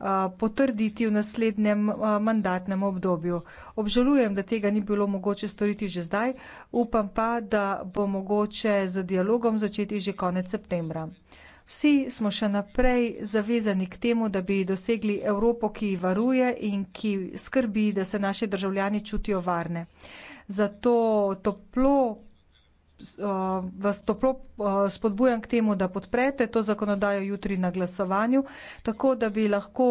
Eh, potrditi v naslednjem eh, mandatnem obdobju. Obžalujem, da tega ni bilo mogoče storiti že zdaj, upam pa, da bo mogoče z dialogom začeti že konec septembra. Vsi smo še naprej zavezani k temu, da bi dosegli Evropo, ki varuje in ki skrbi, da se naše državljani čutijo varne. Zato toplo uh, vas toplo uh, spodbujam k temu, da podprete to zakonodajo jutri na glasovanju, tako da bi lahko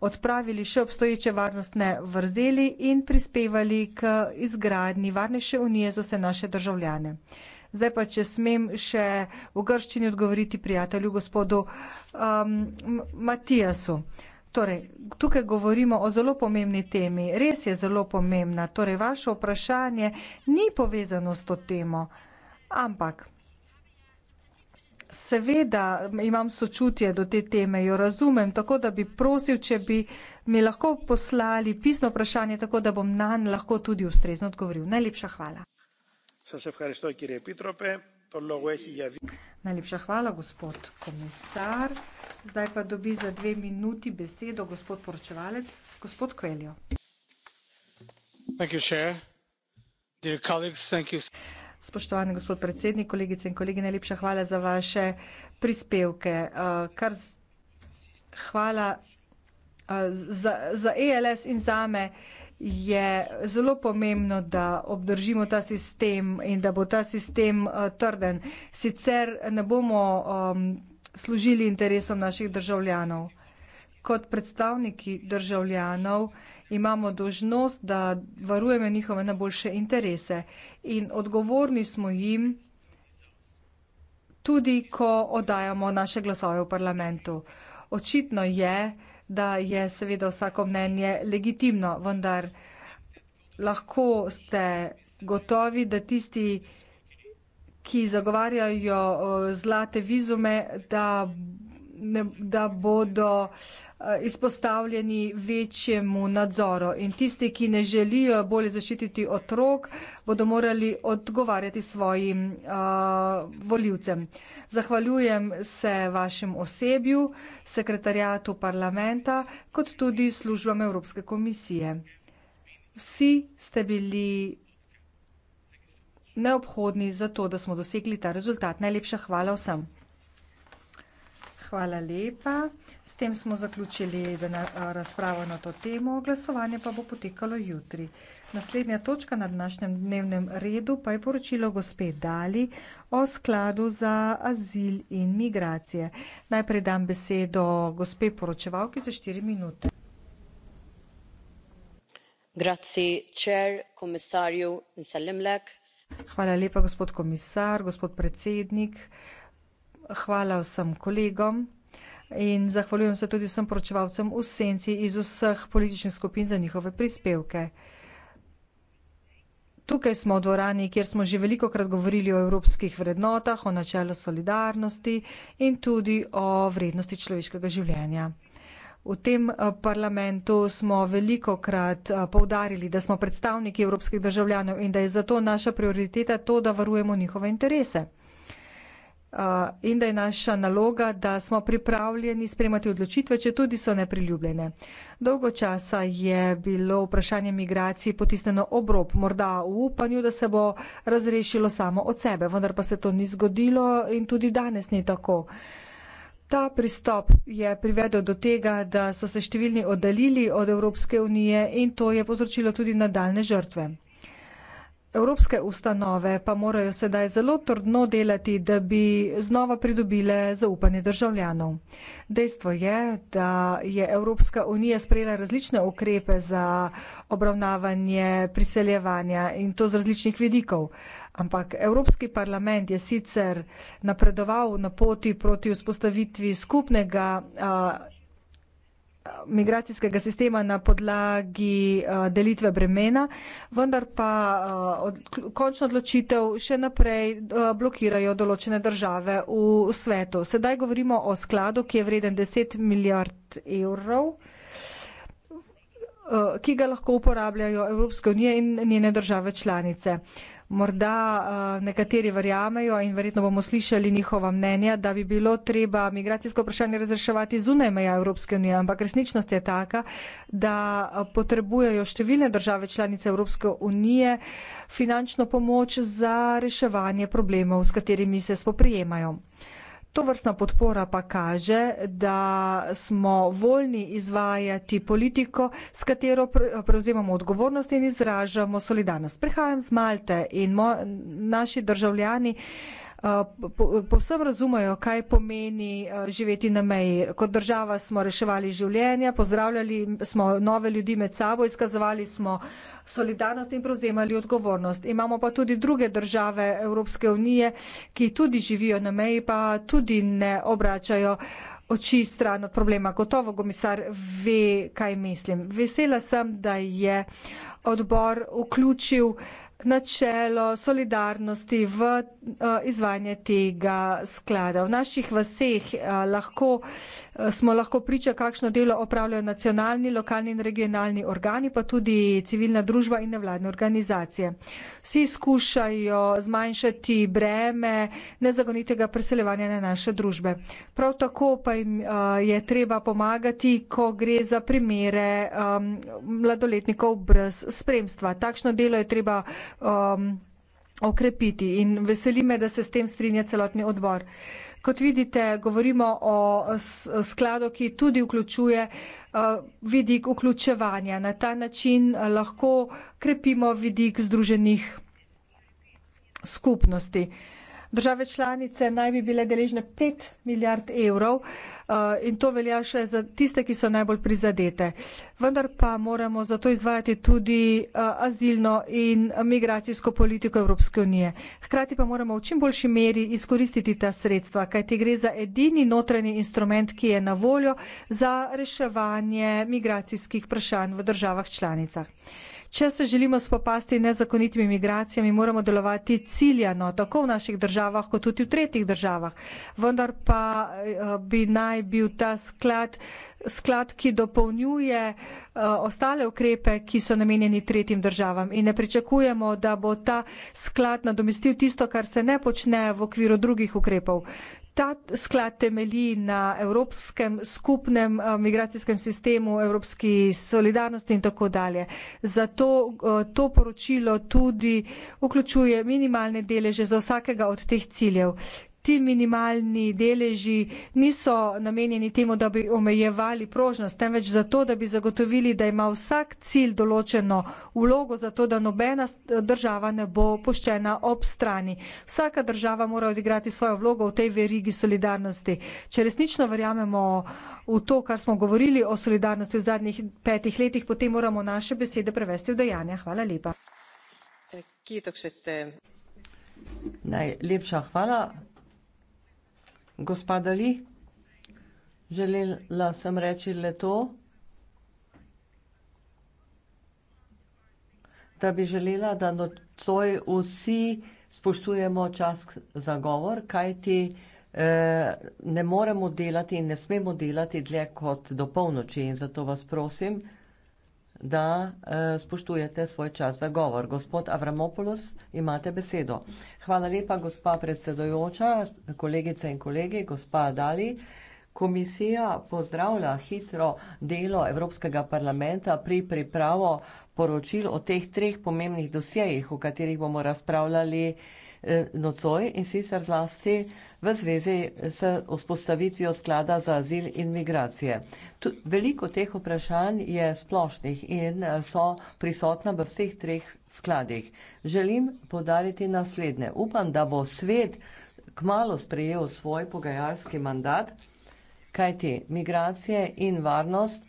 odpravili še obstoječe varnostne vrzeli in prispevali k izgradni varnejše unije za vse naše državljane. Zdaj pa, če smem še v grščini odgovoriti prijatelju gospodu um, Matijasu. Torej, tukaj govorimo o zelo pomembni temi. Res je zelo pomembna. Torej, vaše vprašanje ni povezano s to temo. Ampak seveda imam sočutje do te teme, jo razumem, tako da bi prosil, če bi mi lahko poslali pisno vprašanje, tako da bom na njega lahko tudi ustrezno odgovoril. Najlepša hvala. Najlepša hvala, gospod komisar. Zdaj pa dobi za dve minuti besedo gospod poročevalec, gospod Kveljo. Thank you, Thank you. Spoštovani gospod predsednik, kolegice in kolegi, najlepša hvala za vaše prispevke. Eh, kar hvala eh, za, za ELS in zame je zelo pomembno, da obdržimo ta sistem in da bo ta sistem eh, trden. Sicer ne bomo um, služili interesom naših državljanov. Kot predstavniki državljanov imamo dožnost, da varujeme njihove najboljše interese in odgovorni smo jim tudi, ko oddajamo naše glasove v parlamentu. Očitno je, da je seveda vsako mnenje legitimno, vendar lahko ste gotovi, da tisti, ki zagovarjajo eh, zlate vizume, da ne, da bodo eh, izpostavljeni večjemu nadzoru. In tisti, ki ne želijo bolje zaščititi otrok, bodo morali odgovarjati svojim uh, voljivcem. Zahvaljujem se vašem osebju, sekretarjatu parlamenta, kot tudi službam Evropske komisije. Vsi ste bili neobhodni za to, da smo dosegli ta rezultat. Najlepša hvala vsem. Hvala lepa. S tem smo zaključili razpravo na to temo. Glasovanje pa bo potekalo jutri. Naslednja točka na današnjem dnevnem redu pa je poročilo gospe Dali o skladu za azil in migracije. Najprej dam besedo gospe poročevalki za štiri minute. Grazie, chair, komisarju in salemlek. Hvala lepa, gospod komisar, gospod predsednik. Uh, hvala vsem kolegom in zahvaljujem se tudi vsem poročevalcem v senci iz vseh političnih skupin za njihove prispevke. Tukaj smo v dvorani, kjer smo že veliko krat govorili o evropskih vrednotah, o načelu solidarnosti in tudi o vrednosti človeškega življenja. V tem eh, parlamentu smo veliko krat eh, povdarili, da smo predstavniki evropskih državljanov in da je zato naša prioriteta to, da varujemo njihove interese. Eh, in da je naša naloga, da smo pripravljeni spremati odločitve, če tudi so nepriljubljene. Dolgo časa je bilo vprašanje migracij potisneno obrob, morda v upanju, da se bo razrešilo samo od sebe, vendar pa se to ni zgodilo in tudi danes ni tako. Ta pristop je privedel do tega, da so se številni oddaljili od Evropske unije in to je povzročilo tudi nadaljne žrtve. Evropske ustanove pa morajo sedaj zelo trdno delati, da bi znova pridobile zaupanje državljanov. Dejstvo je, da je Evropska unija sprejela različne ukrepe za obravnavanje priseljevanja in to z različnih vidikov. Ampak Evropski parlament je sicer napredoval na poti proti vzpostavitvi skupnega. Uh, migracijskega sistema na podlagi eh, delitve bremena, vendar pa eh, končno odločitev še naprej eh, blokirajo določene države v svetu. Sedaj govorimo o skladu, ki je vreden 10 milijard evrov, ki ga lahko uporabljajo Evropske unije in njene države članice morda eh, nekateri verjamejo in verjetno bomo slišali njihova mnenja, da bi bilo treba migracijsko vprašanje razreševati zunaj meja Evropske unije, ampak resničnost je taka, da eh, potrebujejo številne države članice Evropske unije finančno pomoč za reševanje problemov, s katerimi se spoprijemajo. To vrstna podpora pa kaže, da smo voljni izvajati politiko, s katero prevzemamo odgovornost in izražamo solidarnost. Prihajam z Malte in moj, naši državljani. Eh, povsem razumejo, kaj pomeni eh, živeti na meji. Kot država smo reševali življenja, pozdravljali smo nove ljudi med sabo, izkazovali smo solidarnost in prevzemali odgovornost. Imamo pa tudi druge države Evropske unije, ki tudi živijo na meji, pa tudi ne obračajo oči stran od problema. Gotovo komisar ve, kaj mislim. Vesela sem, da je odbor vključil načelo solidarnosti v eh, izvajanje tega sklada. V naših vseh eh, lahko, eh, smo lahko priča, kakšno delo opravljajo nacionalni, lokalni in regionalni organi, pa tudi civilna družba in nevladne organizacije. Vsi skušajo zmanjšati breme nezagonitega preseljevanja na naše družbe. Prav tako pa jim je treba pomagati, ko gre za primere mladoletnikov brez spremstva. Takšno delo je treba Um, okrepiti in veseli me, da se s tem strinja celotni odbor. Kot vidite, govorimo o skladu, ki tudi vključuje uh, vidik vključevanja. Na ta način uh, lahko krepimo vidik združenih skupnosti. Države članice naj bi bile deležne 5 milijard evrov eh, in to velja še za tiste, ki so najbolj prizadete. Vendar pa moramo za to izvajati tudi eh, azilno in migracijsko politiko Evropske unije. Hkrati pa moramo v čim boljši meri izkoristiti ta sredstva, kajti gre za edini notranji instrument, ki je na voljo za reševanje migracijskih vprašanj v državah članicah. Če se želimo spopasti nezakonitimi migracijami, moramo delovati ciljano, tako v naših državah, kot tudi v tretjih državah. Vendar pa eh, bi naj bil ta sklad, sklad ki dopolnjuje eh, ostale ukrepe, ki so namenjeni tretjim državam. In ne pričakujemo, da bo ta sklad nadomestil tisto, kar se ne počne v okviru drugih ukrepov. Ta sklad temelji na evropskem skupnem eh, migracijskem sistemu, evropski solidarnosti in tako dalje. Zato eh, to poročilo tudi vključuje minimalne deleže za vsakega od teh ciljev ti minimalni deleži niso namenjeni temu, da bi omejevali prožnost, temveč zato, da bi zagotovili, da ima vsak cilj določeno vlogo, zato da nobena država ne bo poščena ob strani. Vsaka država mora odigrati svojo vlogo v tej verigi solidarnosti. Če resnično verjamemo v to, kar smo govorili o solidarnosti v zadnjih petih letih, potem moramo naše besede prevesti v dejanja. Hvala lepa. Najlepša hvala. Gospoda Li, želela sem reči le to, da bi želela, da nocoj vsi spoštujemo čas za govor, kajti eh, ne moremo delati in ne smemo delati dlje kot do polnoči. In zato vas prosim, da uh, spoštujete svoj čas za govor. Gospod Avramopoulos, imate besedo. Hvala lepa, gospa predsedojoča, kolegice in kolegi, gospa Dali. Komisija pozdravlja hitro delo Evropskega parlamenta pri pripravo poročil o teh treh pomembnih dosjejih, o katerih bomo razpravljali uh, Eh, nocoj in sicer zlasti v zvezi s vzpostavitvijo sklada za azil in migracije. Tu, veliko teh vprašanj je splošnih in eh, so prisotna v vseh treh skladih. Želim podariti naslednje. Upam, da bo svet kmalo sprejel svoj pogajalski mandat, kajti migracije in varnost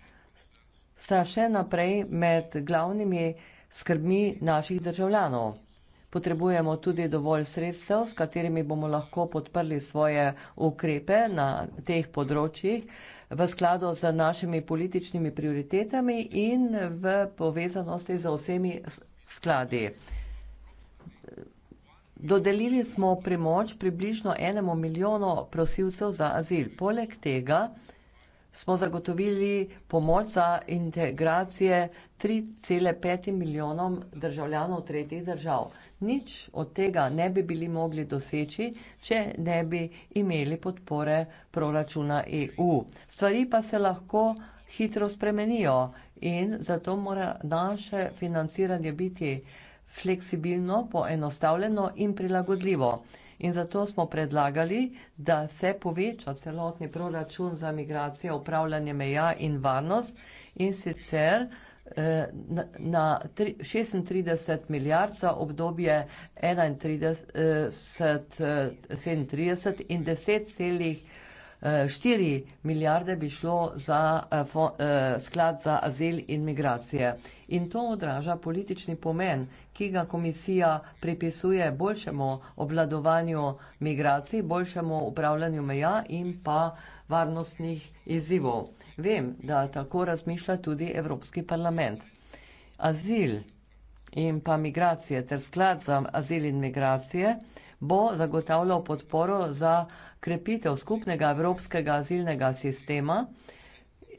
sta še naprej med glavnimi skrbmi naših državljanov. Potrebujemo tudi dovolj sredstev, s katerimi bomo lahko podprli svoje ukrepe na teh področjih v skladu z našimi političnimi prioritetami in v povezanosti z vsemi skladi. Dodelili smo premoč približno enemu milijonu prosilcev za azil. Poleg tega smo zagotovili pomoč za integracije 3,5 milijonom državljanov tretjih držav nič od tega ne bi bili mogli doseči, če ne bi imeli podpore proračuna EU. Stvari pa se lahko hitro spremenijo in zato mora naše financiranje biti fleksibilno, poenostavljeno in prilagodljivo. In zato smo predlagali, da se poveča celotni proračun za migracijo, upravljanje meja in varnost in sicer na 36 milijard za obdobje 31-37 eh, in 10,4 eh, milijarde bi šlo za eh, sklad za azil in migracije. In to odraža politični pomen, ki ga komisija pripisuje boljšemu obladovanju migracij, boljšemu upravljanju meja in pa varnostnih izzivov. Vem, da tako razmišlja tudi Evropski parlament. Azil in pa migracije ter sklad za azil in migracije bo zagotavljal podporo za krepitev skupnega evropskega azilnega sistema,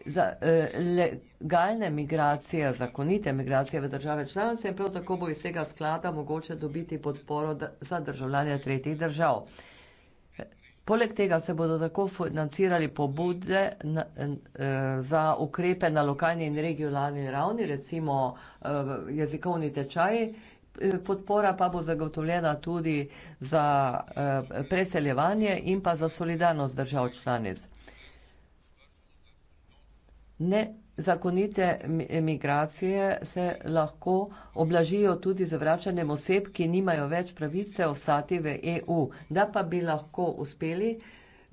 za eh, legalne migracije, zakonite migracije v države članice in prav tako bo iz tega sklada mogoče dobiti podporo za državljanje tretjih držav. Poleg tega se bodo tako financirali pobude na, eh, za ukrepe na lokalni in regionalni ravni, recimo eh, jezikovni tečaji, eh, podpora pa bo zagotovljena tudi za eh, preseljevanje in pa za solidarnost držav članic. Ne, Zakonite emigracije se lahko oblažijo tudi z vračanjem oseb, ki nimajo več pravice ostati v EU. Da pa bi lahko uspeli,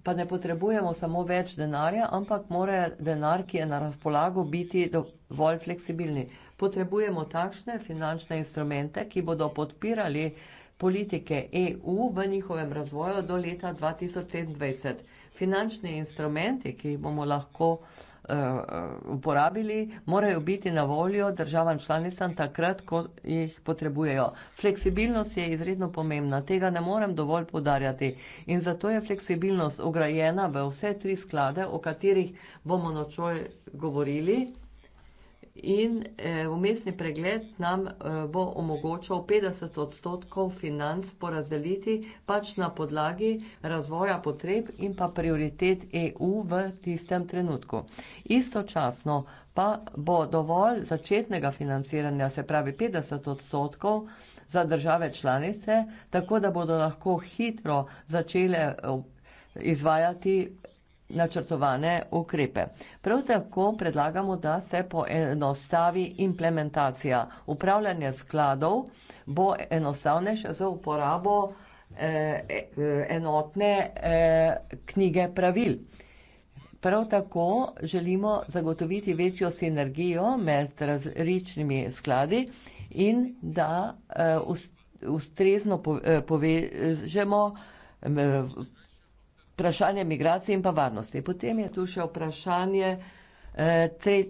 pa ne potrebujemo samo več denarja, ampak mora denar, ki je na razpolago, biti dovolj fleksibilni. Potrebujemo takšne finančne instrumente, ki bodo podpirali politike EU v njihovem razvoju do leta 2027 finančni instrumenti, ki jih bomo lahko uh, uporabili, morajo biti na voljo državam članicam takrat, ko jih potrebujejo. Fleksibilnost je izredno pomembna, tega ne morem dovolj podarjati in zato je fleksibilnost ugrajena v vse tri sklade, o katerih bomo nočoj govorili in umestni eh, pregled nam eh, bo omogočal 50 odstotkov financ porazdeliti pač na podlagi razvoja potreb in pa prioritet EU v tistem trenutku. Istočasno pa bo dovolj začetnega financiranja, se pravi 50 odstotkov, za države članice, tako da bodo lahko hitro začele eh, izvajati načrtovane ukrepe. Prav tako predlagamo, da se poenostavi implementacija. Upravljanje skladov bo enostavnejše za uporabo eh, e, enotne eh, knjige pravil. Prav tako želimo zagotoviti večjo sinergijo med različnimi skladi in da eh, ustrezno povežemo vprašanje migracije in pa varnosti. Potem je tu še vprašanje eh, eh,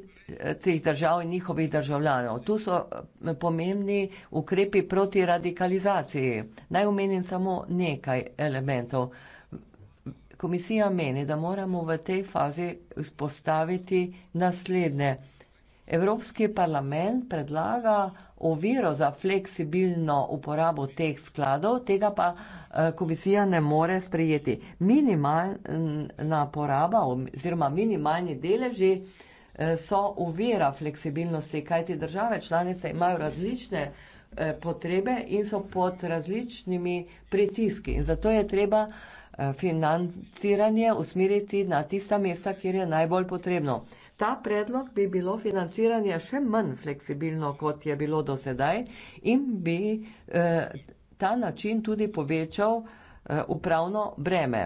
teh držav in njihovih državljanov. Tu so eh, pomembni ukrepi proti radikalizaciji. Naj omenim samo nekaj elementov. Komisija meni, da moramo v tej fazi vzpostaviti naslednje. Evropski parlament predlaga oviro za fleksibilno uporabo teh skladov, tega pa eh, komisija ne more sprejeti. Minimalna poraba oziroma minimalni deleži eh, so uvira fleksibilnosti, kajti države članice imajo različne eh, potrebe in so pod različnimi pritiski. In zato je treba financiranje usmeriti na tista mesta, kjer je najbolj potrebno. Ta predlog bi bilo financiranje še manj fleksibilno, kot je bilo do sedaj, in bi eh, ta način tudi povečal eh, upravno breme.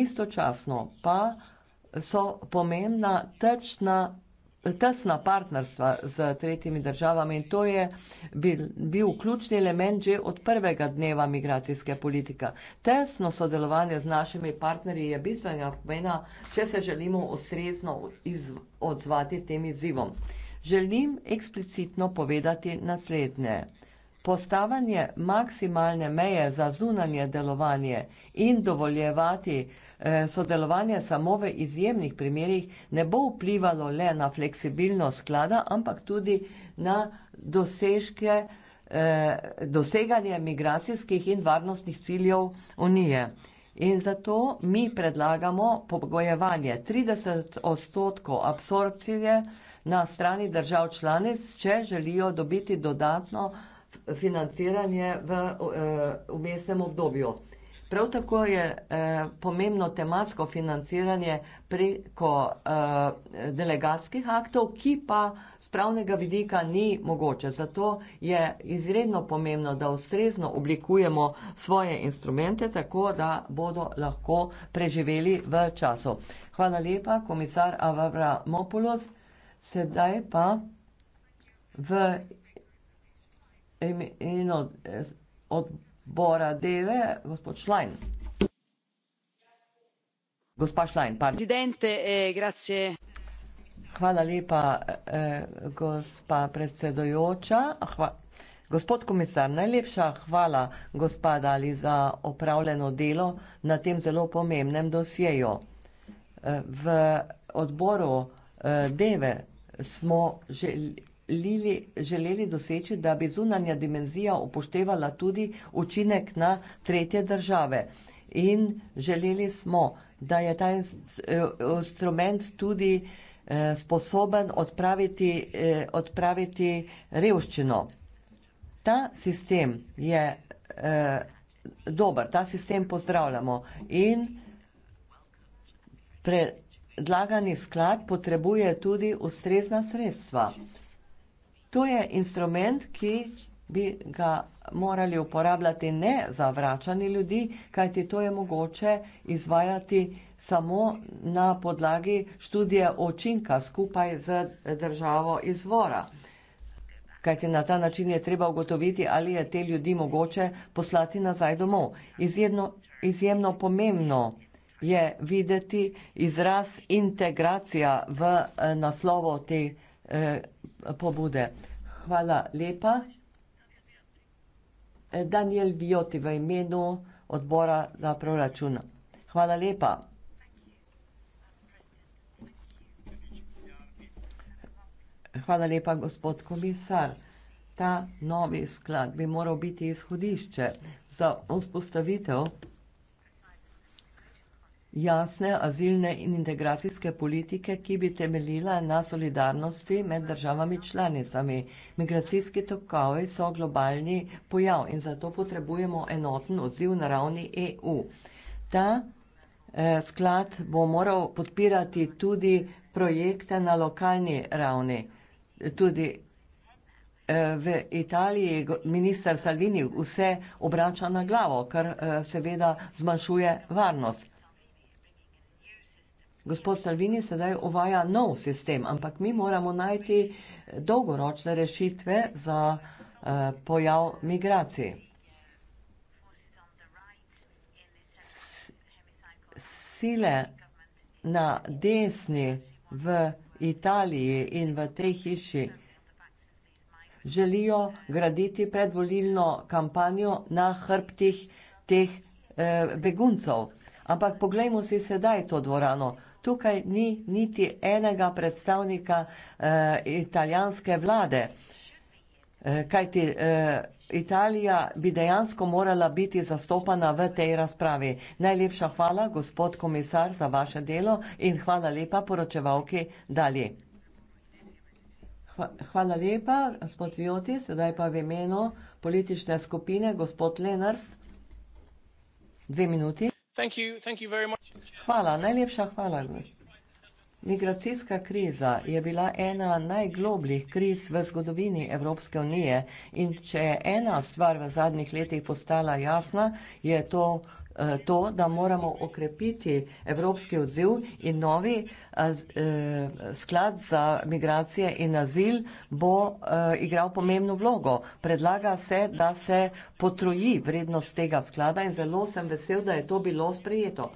Istočasno pa so pomembna tečna tesna partnerstva z tretjimi državami in to je bil, bil ključni element že od prvega dneva migracijske politike. Tesno sodelovanje z našimi partnerji je bistvenega pomena, če se želimo ustrezno odzvati tem izzivom. Želim eksplicitno povedati naslednje. Postavanje maksimalne meje za zunanje delovanje in dovoljevati Eh, sodelovanje samo v izjemnih primerjih ne bo vplivalo le na fleksibilnost sklada, ampak tudi na dosežke, eh, doseganje migracijskih in varnostnih ciljev Unije. In zato mi predlagamo pogojevanje 30 odstotkov absorpcije na strani držav članic, če želijo dobiti dodatno financiranje v umestnem eh, obdobju. Prav tako je eh, pomembno tematsko financiranje preko eh, delegatskih aktov, ki pa z pravnega vidika ni mogoče. Zato je izredno pomembno, da ustrezno oblikujemo svoje instrumente, tako da bodo lahko preživeli v času. Hvala lepa, komisar Avavra Mopulos. Sedaj pa v imenu. Eh, od, Bora deve, gospod Schlein. Gospa Schlein, pardon. Eh, hvala lepa, eh, eh gospa predsedojoča. Hva, gospod komisar, najlepša hvala, gospa Dali, za opravljeno delo na tem zelo pomembnem dosjeju. Eh, v odboru eh, Deve smo želi, Lili želeli doseči, da bi zunanja dimenzija upoštevala tudi učinek na tretje države. In želeli smo, da je ta eh, instrument tudi eh, sposoben odpraviti, eh, odpraviti revščino. Ta sistem je eh, dober, ta sistem pozdravljamo in predlagani sklad potrebuje tudi ustrezna sredstva. To je instrument, ki bi ga morali uporabljati ne za vračanje ljudi, kajti to je mogoče izvajati samo na podlagi študije očinka skupaj z državo izvora. Kajti na ta način je treba ugotoviti, ali je te ljudi mogoče poslati nazaj domov. Izjedno, izjemno pomembno je videti izraz integracija v eh, naslovu te Eh, pobude. Hvala lepa. Eh, Daniel Vioti v imenu odbora za proračun. Hvala lepa. Hvala lepa, gospod komisar. Ta novi sklad bi moral biti izhodišče za vzpostavitev jasne azilne in integracijske politike, ki bi temeljila na solidarnosti med državami članicami. Migracijski tokovi so globalni pojav in zato potrebujemo enoten odziv na ravni EU. Ta eh, sklad bo moral podpirati tudi projekte na lokalni ravni. Tudi eh, v Italiji minister Salvini vse obrača na glavo, kar eh, seveda zmanjšuje varnost gospod Salvini sedaj uvaja nov sistem, ampak mi moramo najti dolgoročne rešitve za eh, pojav migracij. Sile na desni v Italiji in v tej hiši želijo graditi predvolilno kampanjo na hrbtih teh eh, beguncev. Ampak poglejmo si sedaj to dvorano tukaj ni niti enega predstavnika eh, italijanske vlade. Eh, kajti eh, Italija bi dejansko morala biti zastopana v tej razpravi. Najlepša hvala, gospod komisar, za vaše delo in hvala lepa poročevalki dalje. Hvala lepa, gospod Vioti, sedaj pa v imenu politične skupine, gospod Lenars. Dve minuti. Thank you, thank you very much. Hvala, najlepša hvala. Migracijska kriza je bila ena najglobljih kriz v zgodovini Evropske unije in če je ena stvar v zadnjih letih postala jasna, je to eh, to, da moramo okrepiti evropski odziv in novi eh, eh, sklad za migracije in azil bo igral pomembno vlogo. Predlaga se, da se potroji vrednost tega sklada in zelo sem vesel, da je to bilo sprejeto.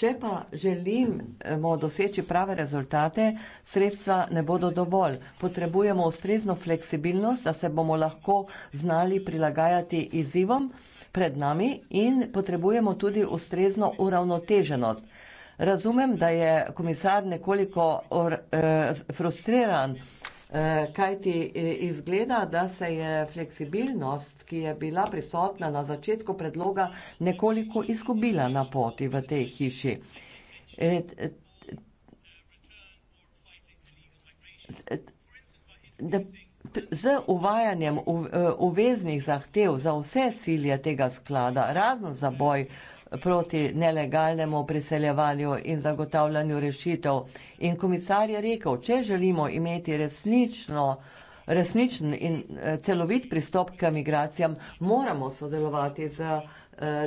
Če pa želimo doseči prave rezultate, sredstva ne bodo dovolj. Potrebujemo ustrezno fleksibilnost, da se bomo lahko znali prilagajati izzivom pred nami in potrebujemo tudi ustrezno uravnoteženost. Razumem, da je komisar nekoliko eh, frustriran kajti e, izgleda, da se je fleksibilnost, ki je bila prisotna na začetku predloga, nekoliko izgubila na poti v tej hiši. Da e, z uvajanjem e, uveznih zahtev za vse cilje tega sklada, razen za boj proti nelegalnemu priseljevanju in zagotavljanju rešitev. In komisar je rekel, če želimo imeti resnično, resničen in eh, celovit pristop k migracijam, moramo sodelovati z eh,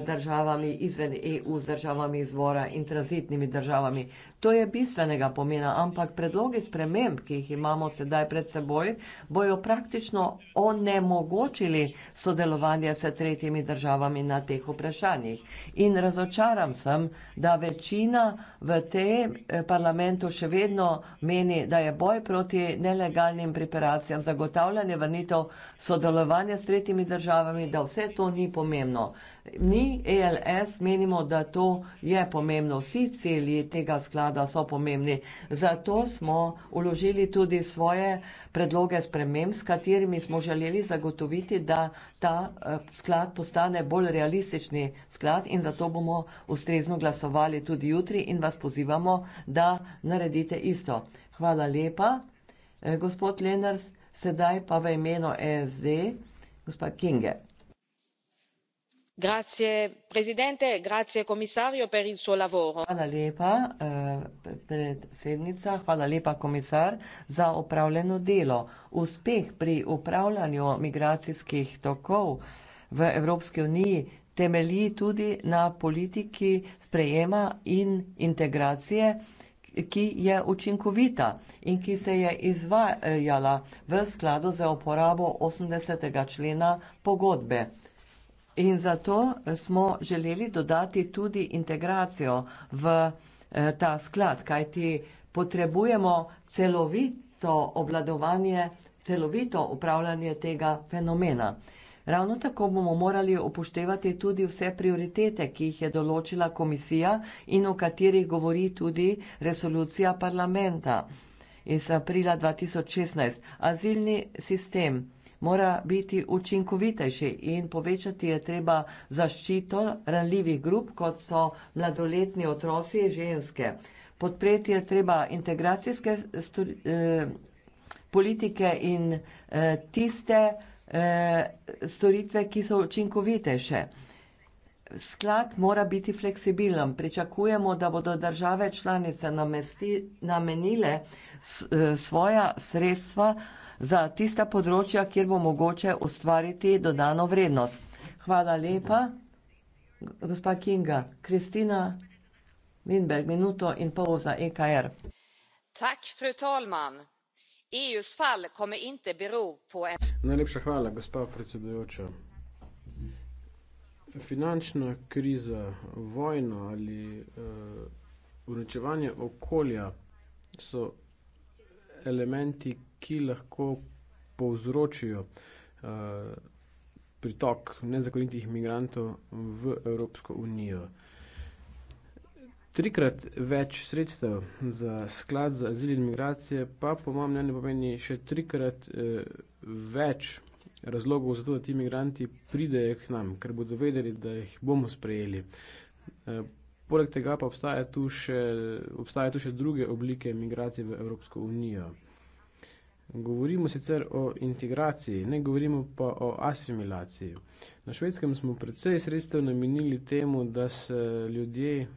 državami izven EU, z državami izvora in tranzitnimi državami. To je bistvenega pomena, ampak predloge sprememb, ki jih imamo sedaj pred seboj, bojo praktično onemogočili sodelovanje s tretjimi državami na teh vprašanjih. In razočaram sem, da večina v tem eh, parlamentu še vedno meni, da je boj proti nelegalnim preparacijam, zagotavljanje vrnitev sodelovanja s tretjimi državami, da vse to ni pomembno. Mi, ELS, menimo, da to je pomembno. Vsi cilji tega sklada sklada so pomembni. Zato smo uložili tudi svoje predloge sprememb, s katerimi smo želeli zagotoviti, da ta eh, sklad postane bolj realistični sklad in zato bomo ustrezno glasovali tudi jutri in vas pozivamo, da naredite isto. Hvala lepa. Eh, gospod Lenars, sedaj pa v imenu ESD, gospod Kinge grazie presidente grazie commissario per il suo lavoro hvala lepa eh, predsednica hvala lepa komisar za opravljeno delo uspeh pri upravljanju migracijskih tokov v evropski uniji temelji tudi na politiki sprejema in integracije ki je učinkovita in ki se je izvajala v skladu z uporabo osemdesetega člena pogodbe In zato smo želeli dodati tudi integracijo v eh, ta sklad, kajti potrebujemo celovito obladovanje, celovito upravljanje tega fenomena. Ravno tako bomo morali upoštevati tudi vse prioritete, ki jih je določila komisija in o katerih govori tudi resolucija parlamenta iz aprila 2016. Azilni sistem mora biti učinkovitejši in povečati je treba zaščito ranljivih grup, kot so mladoletni otroci in ženske. Podpreti je treba integracijske stori, eh, politike in eh, tiste eh, storitve, ki so učinkovitejše. Sklad mora biti fleksibilen. Pričakujemo, da bodo države članice namesti, namenile s, eh, svoja sredstva eh, za tista področja, kjer bo mogoče ustvariti dodano vrednost. Hvala lepa. Gospa Kinga, Kristina Winberg, minuto in pol za EKR. E Najlepša hvala, gospa predsedujoča. Finančna kriza, vojna ali uh, uničevanje okolja so elementi, ki lahko povzročijo uh, pritok nezakonitih imigrantov v Evropsko unijo. Trikrat več sredstev za sklad za azil in migracije pa po mojem mnenju pomeni še trikrat eh, več razlogov za to, da ti migranti pridejo k nam, ker bodo vedeli, da jih bomo sprejeli. Eh, poleg tega pa obstaja tu, še, obstaja tu še druge oblike migracije v Evropsko unijo. Govorimo sicer o integraciji, ne govorimo pa o asimilaciji. Na švedskem smo precej sredstev namenili temu, da se ljudje eh,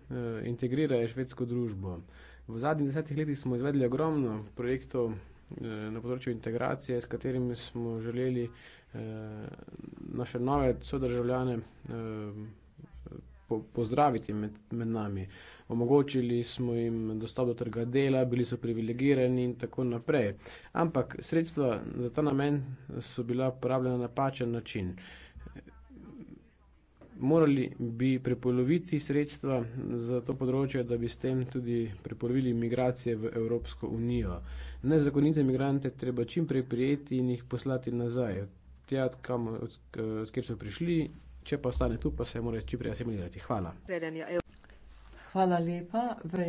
integrirajo švedsko družbo. V zadnjih desetih letih smo izvedli ogromno projektov eh, na področju integracije, s katerimi smo želeli eh, naše nove sodržavljane. Eh, pozdraviti med, med nami. Omogočili smo jim dostop do trga dela, bili so privilegirani in tako naprej. Ampak sredstva za ta namen so bila uporabljena na napačen način. Morali bi prepoloviti sredstva za to področje, da bi s tem tudi prepolovili migracije v Evropsko unijo. Nezakonite migrante treba čim prej prijeti in jih poslati nazaj, tja, kamo, od, od, od, od kjer so prišli Če pa ostane tu, pa se mora čim prej asimilirati. Hvala. Hvala lepa. V,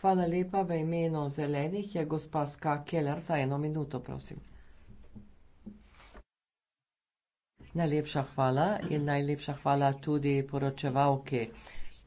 hvala lepa. V imenu zelenih je gospa Ska Keller za eno minuto, prosim. Najlepša hvala in najlepša hvala tudi poročevalki.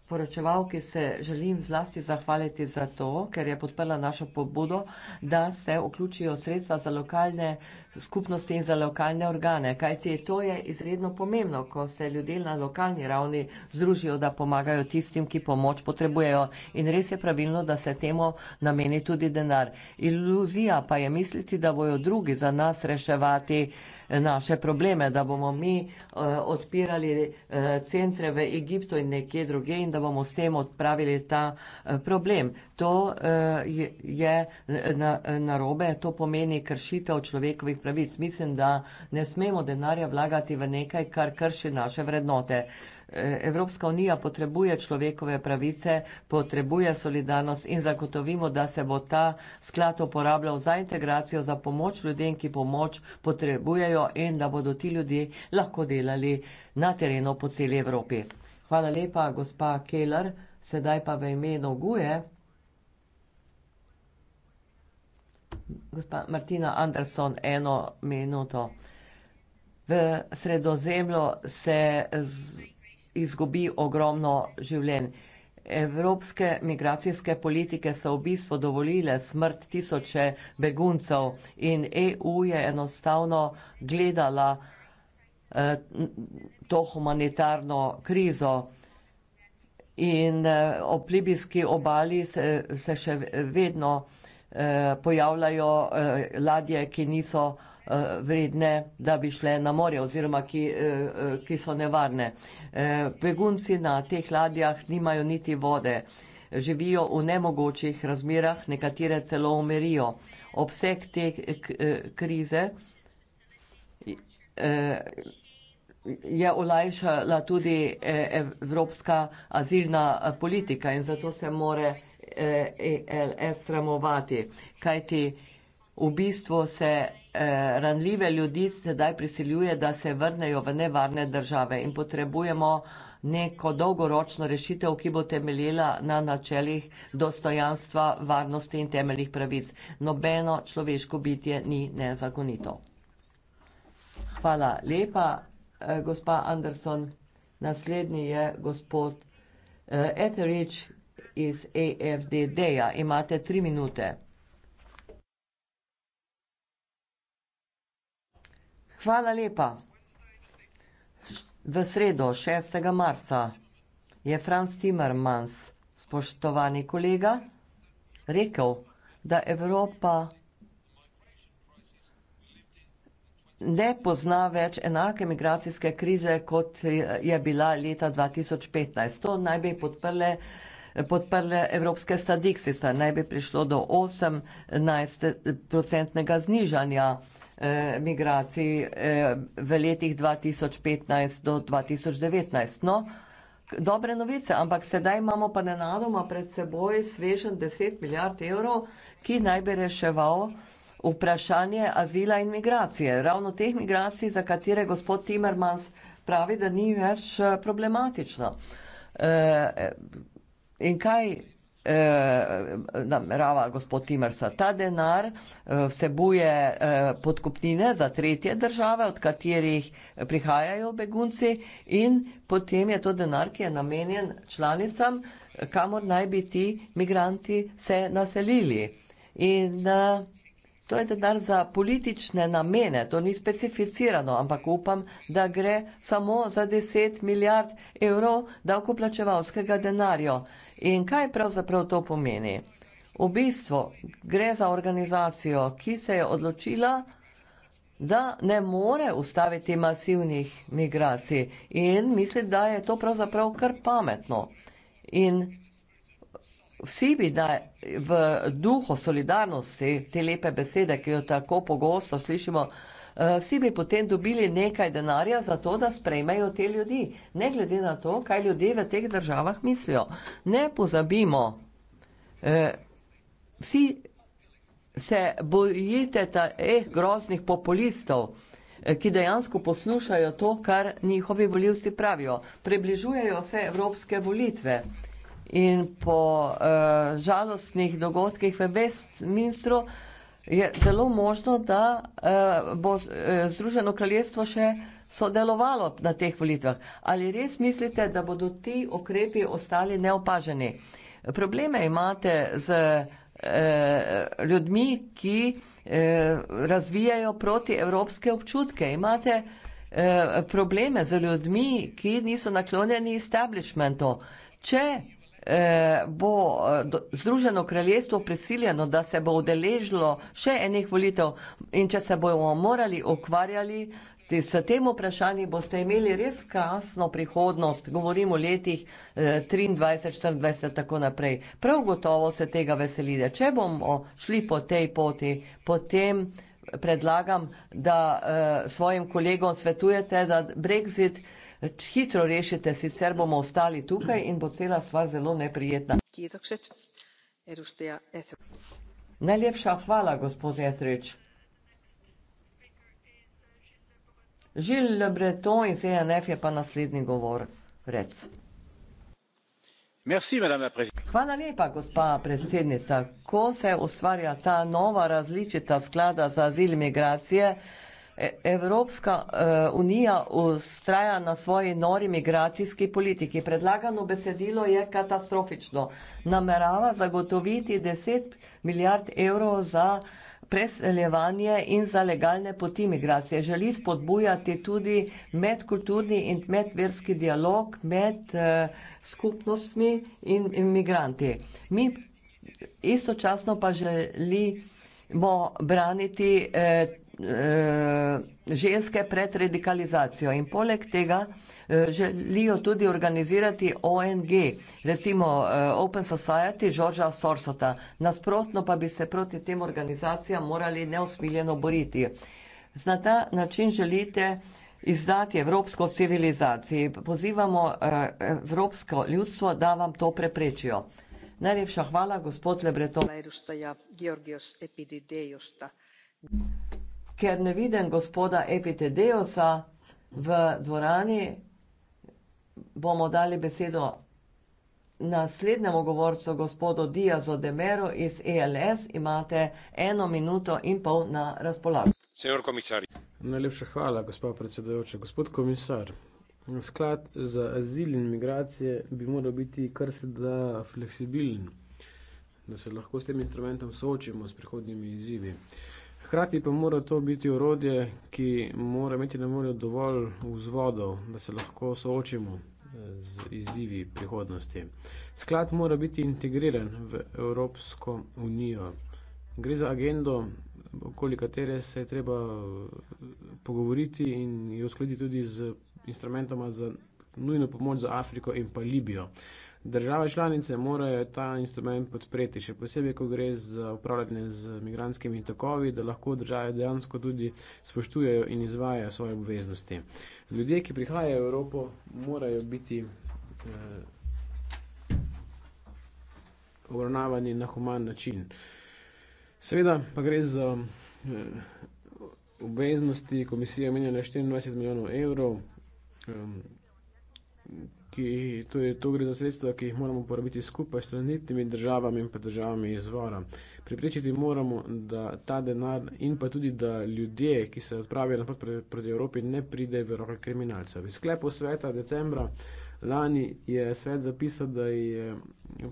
Poročevalki se želim zlasti zahvaliti za to, ker je podprla našo pobudo, da se vključijo sredstva za lokalne skupnosti in za lokalne organe. Kaj ti je, to je izredno pomembno, ko se ljudje na lokalni ravni združijo, da pomagajo tistim, ki pomoč potrebujejo. In res je pravilno, da se temu nameni tudi denar. Iluzija pa je misliti, da bojo drugi za nas reševati eh, naše probleme, da bomo mi uh, odpirali uh, centre v Egiptu in nekje druge in da bomo s tem odpravili ta uh, problem. To uh, je, je eh, eh, narobe, na to pomeni kršitev človekovih pravic. Mislim, da ne smemo denarja vlagati v nekaj, kar krši naše vrednote. Evropska unija potrebuje človekove pravice, potrebuje solidarnost in zagotovimo, da se bo ta sklad uporabljal za integracijo, za pomoč ljudem, ki pomoč potrebujejo in da bodo ti ljudje lahko delali na terenu po celi Evropi. Hvala lepa, gospa Keller. Sedaj pa v imenu Guje. gospa Martina Anderson, eno minuto. V sredozemlju se izgubi ogromno življenj. Evropske migracijske politike so v bistvu dovolile smrt tisoče beguncev in EU je enostavno gledala eh, to humanitarno krizo. In eh, ob libijski obali se, se še vedno uh, Eh, pojavljajo eh, ladje, ki niso eh, vredne, da bi šle na morje oziroma ki, ki so nevarne. Begunci na teh ladjah nimajo niti vode, živijo v nemogočih razmerah, nekatere celo umerijo. Obseg te krize je olajšala tudi evropska azilna politika in zato se more ELS sramovati. Kajti v bistvu se e, ranljive ljudi sedaj prisiljuje, da se vrnejo v nevarne države in potrebujemo neko dolgoročno rešitev, ki bo temeljila na načelih dostojanstva, varnosti in temeljih pravic. Nobeno človeško bitje ni nezakonito. Hvala lepa, e, gospa Anderson. Naslednji je gospod e, Etherich iz AFDD-ja. E Imate tri minute. Hvala lepa. V sredo, 6. marca, je Franz Timmermans, spoštovani kolega, rekel, da Evropa ne pozna več enake migracijske krize, kot je bila leta 2015. To naj bi podprle uh, podprle evropske statistike, naj bi prišlo do 18-procentnega znižanja eh, migracij eh, v letih 2015 do 2019. No, dobre novice, ampak sedaj imamo pa nenadoma pred seboj svežen 10 milijard evrov, ki naj bi reševal vprašanje azila in migracije. Ravno teh migracij, za katere gospod Timmermans pravi, da ni več eh, problematično. In kaj eh, namerava gospod Timrsa? Ta denar eh, vsebuje eh, podkupnine za tretje države, od katerih prihajajo begunci in potem je to denar, ki je namenjen članicam, kamor naj bi ti migranti se naselili. In eh, to je denar za politične namene, to ni specificirano, ampak upam, da gre samo za 10 milijard evrov davkoplačevalskega denarja. In kaj pravzaprav to pomeni? V bistvu gre za organizacijo, ki se je odločila, da ne more ustaviti masivnih migracij in misli, da je to pravzaprav kar pametno. In vsi bi da v duhu solidarnosti te lepe besede, ki jo tako pogosto slišimo, Eh, vsi bi potem dobili nekaj denarja za to, da sprejmejo te ljudi, ne glede na to, kaj ljudje v teh državah mislijo. Ne pozabimo, eh, vsi se bojite teh groznih populistov, eh, ki dejansko poslušajo to, kar njihovi voljivci pravijo. Približujejo se evropske volitve. In po uh, žalostnih dogodkih v Westminstru uh, je zelo možno, da uh, bo eh, Združeno kraljestvo še sodelovalo na teh volitvah. Ali res mislite, da bodo ti okrepi ostali neopaženi? Probleme imate z eh, ljudmi, ki eh, razvijajo protievropske občutke. Imate eh, probleme z ljudmi, ki niso naklonjeni establishmentu. Če Eh, bo eh, Združeno kraljestvo prisiljeno, da se bo odeležilo še enih volitev in če se bomo morali ukvarjali s tem vprašanjem, boste imeli res krasno prihodnost, govorim o letih 23, 24 in tako naprej. Prav gotovo se tega veselite. Če bomo šli po tej poti, potem predlagam, da eh, svojim kolegom svetujete, da Brexit hitro rešite, sicer bomo ostali tukaj in bo cela stvar zelo neprijetna. Najlepša hvala, gospod Etrič. Gilles Le Breton iz ENF je pa naslednji govorec. Hvala lepa, gospa predsednica. Ko se ustvarja ta nova različita sklada za azil in migracije, E, Evropska uh, unija ustraja na svoji nori migracijski politiki. Predlagano besedilo je katastrofično. Namerava zagotoviti 10 milijard evrov za preseljevanje in za legalne poti migracije. Želi spodbujati tudi medkulturni in medverski dialog med uh, skupnostmi in, in migranti. Mi istočasno pa želimo braniti. Uh, Eh, ženske pred radikalizacijo in poleg tega eh, želijo tudi organizirati ONG, recimo eh, Open Society Georgea Sorsota. Nasprotno pa bi se proti tem organizacijam morali neusmiljeno boriti. Na ta način želite izdati evropsko civilizacijo. Pozivamo evropsko ljudstvo, da vam to preprečijo. Najlepša hvala, gospod Lebreton ker ne vidim gospoda Epitedeusa v dvorani, bomo dali besedo naslednjemu govorcu, gospodu Diazo Demeru iz ELS. Imate eno minuto in pol na razpolago. Najlepša hvala, gospod predsedujoči. Gospod komisar, sklad za azil in migracije bi moral biti kar se da fleksibilen, da se lahko s tem instrumentom soočimo s prihodnjimi izzivi. Uh, Hkrati pa mora to biti orodje, ki mora imeti na voljo dovolj vzvodov, da se lahko soočimo eh, z izzivi prihodnosti. Sklad mora biti integriran v Evropsko unijo. Gre za agendo, okoli katere se je treba eh, pogovoriti in jo uskladiti tudi z instrumentoma za nujno pomoč za Afriko in pa Libijo države članice morajo ta instrument podpreti, še posebej, ko gre za upravljanje z migranskimi tokovi, da lahko države dejansko tudi spoštujejo in izvajajo svoje obveznosti. Ljudje, ki prihajajo v Evropo, morajo biti eh, obravnavani na human način. Seveda pa gre za eh, obveznosti komisije omenjene 24 milijonov evrov. Eh, ki, to, je, to gre za sredstva, ki jih moramo porabiti skupaj s tranzitnimi državami in pa državami izvora. Pripričati moramo, da ta denar in pa tudi, da ljudje, ki se odpravijo napot proti Evropi, ne pride v roke kriminalcev. V sklepu sveta decembra lani je svet zapisal, da je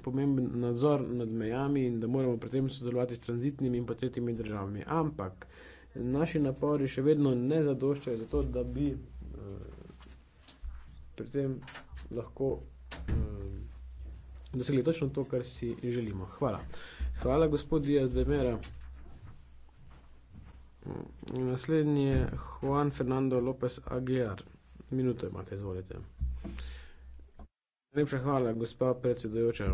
pomemben nadzor nad mejami in da moramo pri tem sodelovati s tranzitnimi in pa tretjimi državami. Ampak naši napori še vedno ne zadoščajo za to, da bi pri tem lahko um, dosegli točno to, kar si želimo. Hvala. Hvala, gospod Diaz de Mera. Mm, naslednji je Juan Fernando López Aguilar. Minuto imate, izvolite. Najlepša hvala, gospa predsedojoča.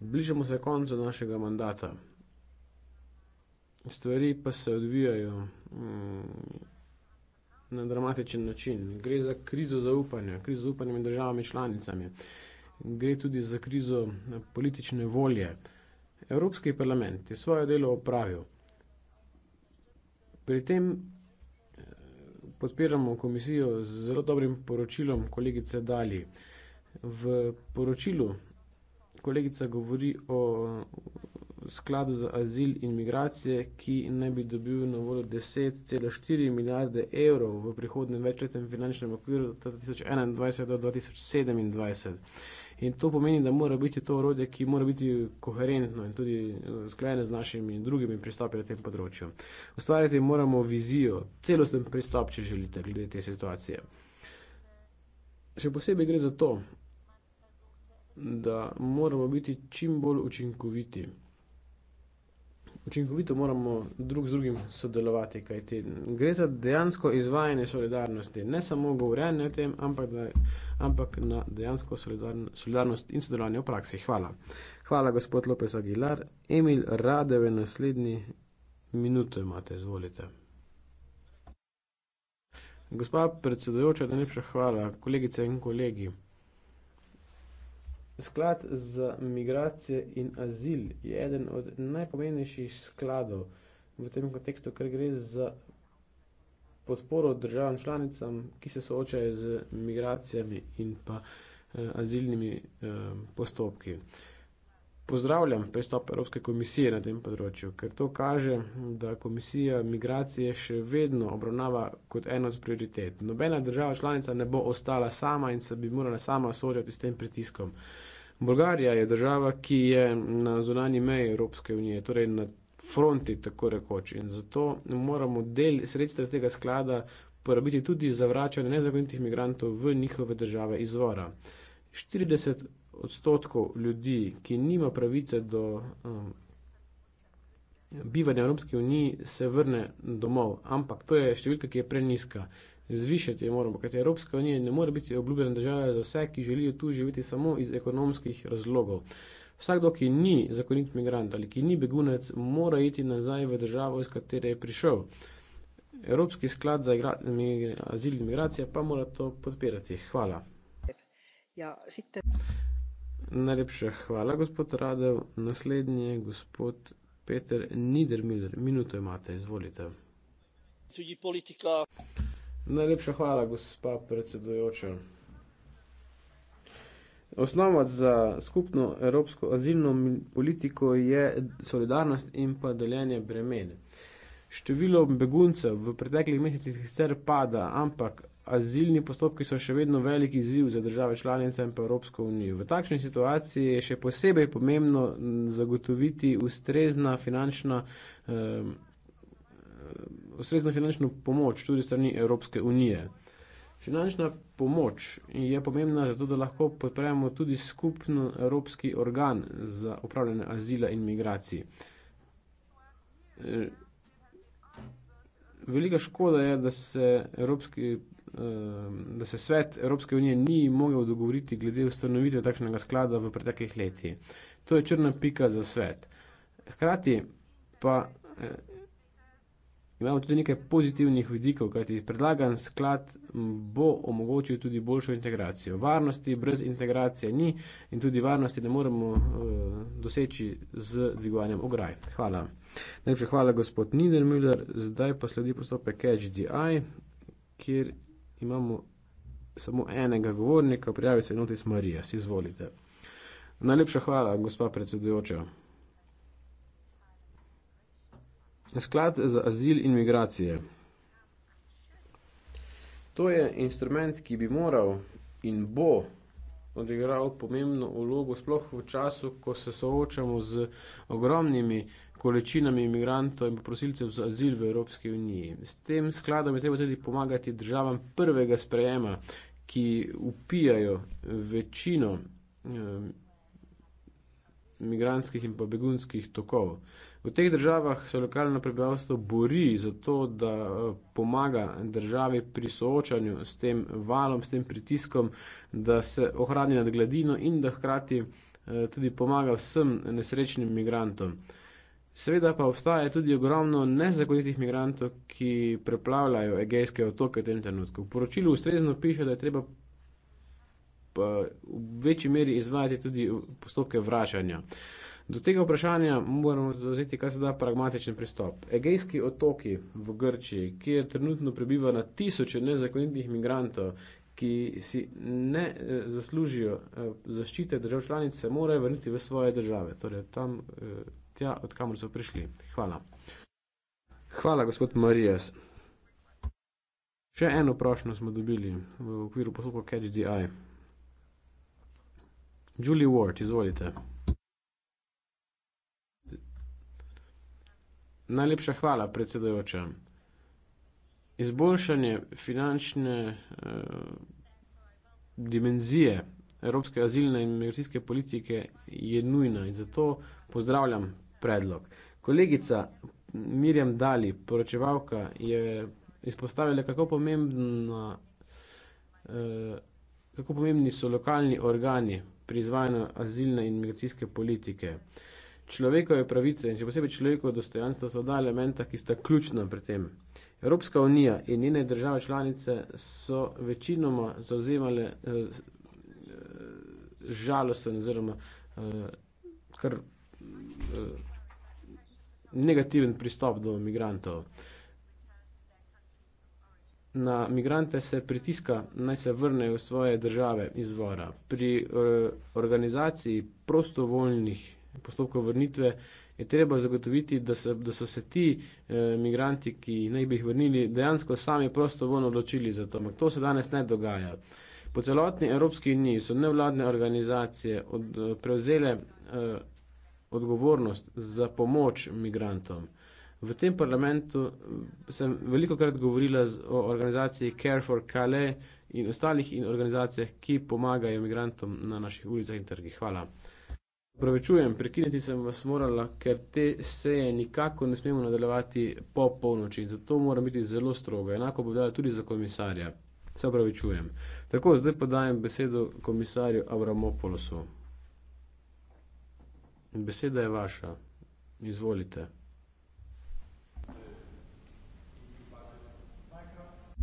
Bližamo se koncu našega mandata. Stvari pa se odvijajo. Mm na dramatičen način. Gre za krizo zaupanja, krizo zaupanja med državami članicami. Gre tudi za krizo eh, politične volje. Evropski parlament je svoje delo opravil. Pri tem eh, podpiramo komisijo z zelo dobrim poročilom kolegice Dali. V poročilu kolegica govori o skladu za azil in migracije, ki naj bi dobil na voljo 10,4 milijarde evrov v prihodnem večletnem finančnem okviru 2021 do 2027. In to pomeni, da mora biti to orodje, ki mora biti koherentno in tudi eh, sklene z našimi drugimi pristopi na tem področju. Ustvarjati moramo vizijo, celosten pristop, če želite, glede te situacije. Še posebej gre za to, da moramo biti čim bolj učinkoviti učinkovito moramo drug z drugim sodelovati, kajti gre za dejansko izvajanje solidarnosti, ne samo govorjenje o tem, ampak, da, ampak na dejansko solidarn, solidarnost in sodelovanje v praksi. Hvala. Hvala, gospod Lopez Aguilar. Emil Radeve, naslednji minuto imate, izvolite. Gospa predsedujoča, najlepša hvala, kolegice in kolegi. Sklad za migracije in azil je eden od najpomembnejših skladov v tem kontekstu, ker gre za podporo državam članicam, ki se soočajo z migracijami in pa eh, azilnimi eh, postopki. Pozdravljam pristop Evropske komisije na tem področju, ker to kaže, da komisija migracije še vedno obravnava kot eno od prioritet. Nobena država članica ne bo ostala sama in se bi morala sama soočati s tem pritiskom. Bolgarija je država, ki je na zunanji meji Evropske unije, torej na fronti, tako rekoč. In zato moramo del sredstva iz tega sklada porabiti tudi za vračanje nezakonitih migrantov v njihove države izvora. 40 odstotkov ljudi, ki nima pravice do um, bivanja v Evropski uniji, se vrne domov. Ampak to je številka, ki je preniska zvišati jo moramo, kajte Evropska unija ne more biti obljubljena država za vse, ki želijo tu živeti samo iz ekonomskih razlogov. Vsakdo, ki ni zakonit migrant ali ki ni begunec, mora iti nazaj v državo, iz katere je prišel. Evropski sklad za azil in migracije pa mora to podpirati. Hvala. Ja, Najlepša hvala, gospod Radev. Naslednji je gospod Peter Nidermiller. Minuto imate, izvolite. Tudi politika. Najlepša hvala, gospa predsedujoča. Osnova za skupno evropsko azilno politiko je solidarnost in pa deljenje bremen. Število beguncev v preteklih mesecih sicer pada, ampak azilni postopki so še vedno veliki izziv za države članice in pa Evropsko unijo. V takšni situaciji je še posebej pomembno zagotoviti ustrezna finančna. Eh, ustrezno finančno pomoč tudi strani Evropske unije. Finančna pomoč je pomembna zato, da lahko podpremo tudi skupno Evropski organ za upravljanje azila in migracij. Eh, velika škoda je, da se, Evropski, eh, da se svet Evropske unije ni mogel dogovoriti glede ustanovitve takšnega sklada v preteklih letih. To je črna pika za svet. Hkrati pa eh, Imamo tudi nekaj pozitivnih vidikov, kajti predlagan sklad bo omogočil tudi boljšo integracijo. Varnosti brez integracije ni in tudi varnosti ne moremo uh, doseči z dvigovanjem ograj. Hvala. Najprej hvala gospod Niedermüller, zdaj pa sledi postopek HDI, kjer imamo samo enega govornika, prijavi se enotis Marija, si izvolite. Najlepša hvala, gospa predsedujoča. Sklad za azil in migracije. To je instrument, ki bi moral in bo odigral pomembno vlogo sploh v času, ko se soočamo z ogromnimi količinami imigrantov in prosilcev za azil v Evropski uniji. S tem skladom je treba tudi pomagati državam prvega sprejema, ki upijajo večino eh, migrantskih in pa begunskih tokov. Eh, V teh državah se lokalno prebivalstvo bori za to, da eh, pomaga državi pri soočanju s tem valom, s tem pritiskom, da se ohrani nad gladino in da hkrati eh, tudi pomaga vsem nesrečnim migrantom. Seveda pa obstaja tudi ogromno nezakonitih migrantov, ki preplavljajo Egejske otoke v tem trenutku. V poročilu ustrezno piše, da je treba eh, v večji meri izvajati tudi postopke vračanja. Do tega vprašanja moramo zauzeti kar se da pragmatičen pristop. Egejski otoki v Grčiji, kjer trenutno prebiva na tisoče nezakonitnih imigrantov, ki si ne eh, zaslužijo eh, zaščite držav članic, se morajo vrniti v svoje države, torej tam, eh, tja, od kamor so prišli. Hvala. Hvala, gospod Marijas. Še eno prošnjo smo dobili v okviru postopka Catch the Eye. Julie Ward, izvolite. Najlepša hvala, predsedujoča. Izboljšanje finančne eh, dimenzije evropske azilne in migracijske politike je nujna in zato pozdravljam predlog. Kolegica Mirjam Dali, poročevalka, je izpostavila, kako, pomembna, eh, kako pomembni so lokalni organi pri izvajanju azilne in migracijske politike. Eh, človekove pravice in še posebej človekove dostojanstva so dva elementa, ki sta ključna pri tem. Evropska unija in njene države članice so večinoma zauzemale eh, eh, žalosten oziroma eh, kar eh, negativen pristop do migrantov. Na migrante se pritiska, naj se vrnejo v svoje države izvora. Pri eh, organizaciji prostovoljnih postopkov vrnitve, je treba zagotoviti, da, se, da so se ti eh, migranti, ki naj bi jih vrnili, dejansko sami prostovoljno odločili za to. Ampak to se danes ne dogaja. Po celotni Evropski uniji so nevladne organizacije od, eh, prevzele eh, odgovornost za pomoč migrantom. V tem parlamentu eh, sem veliko krat govorila z, o organizaciji Care for Calais in ostalih in organizacijah, ki pomagajo migrantom na naših ulicah in trgih. Hvala. Pravečujem, prekiniti sem vas morala, ker te seje nikako ne smemo nadaljevati po polnoči, zato mora biti zelo strogo. Enako bo dala tudi za komisarja. Se pravečujem. Tako, zdaj podajem besedo komisarju Avramopolosu. Beseda je vaša. Izvolite.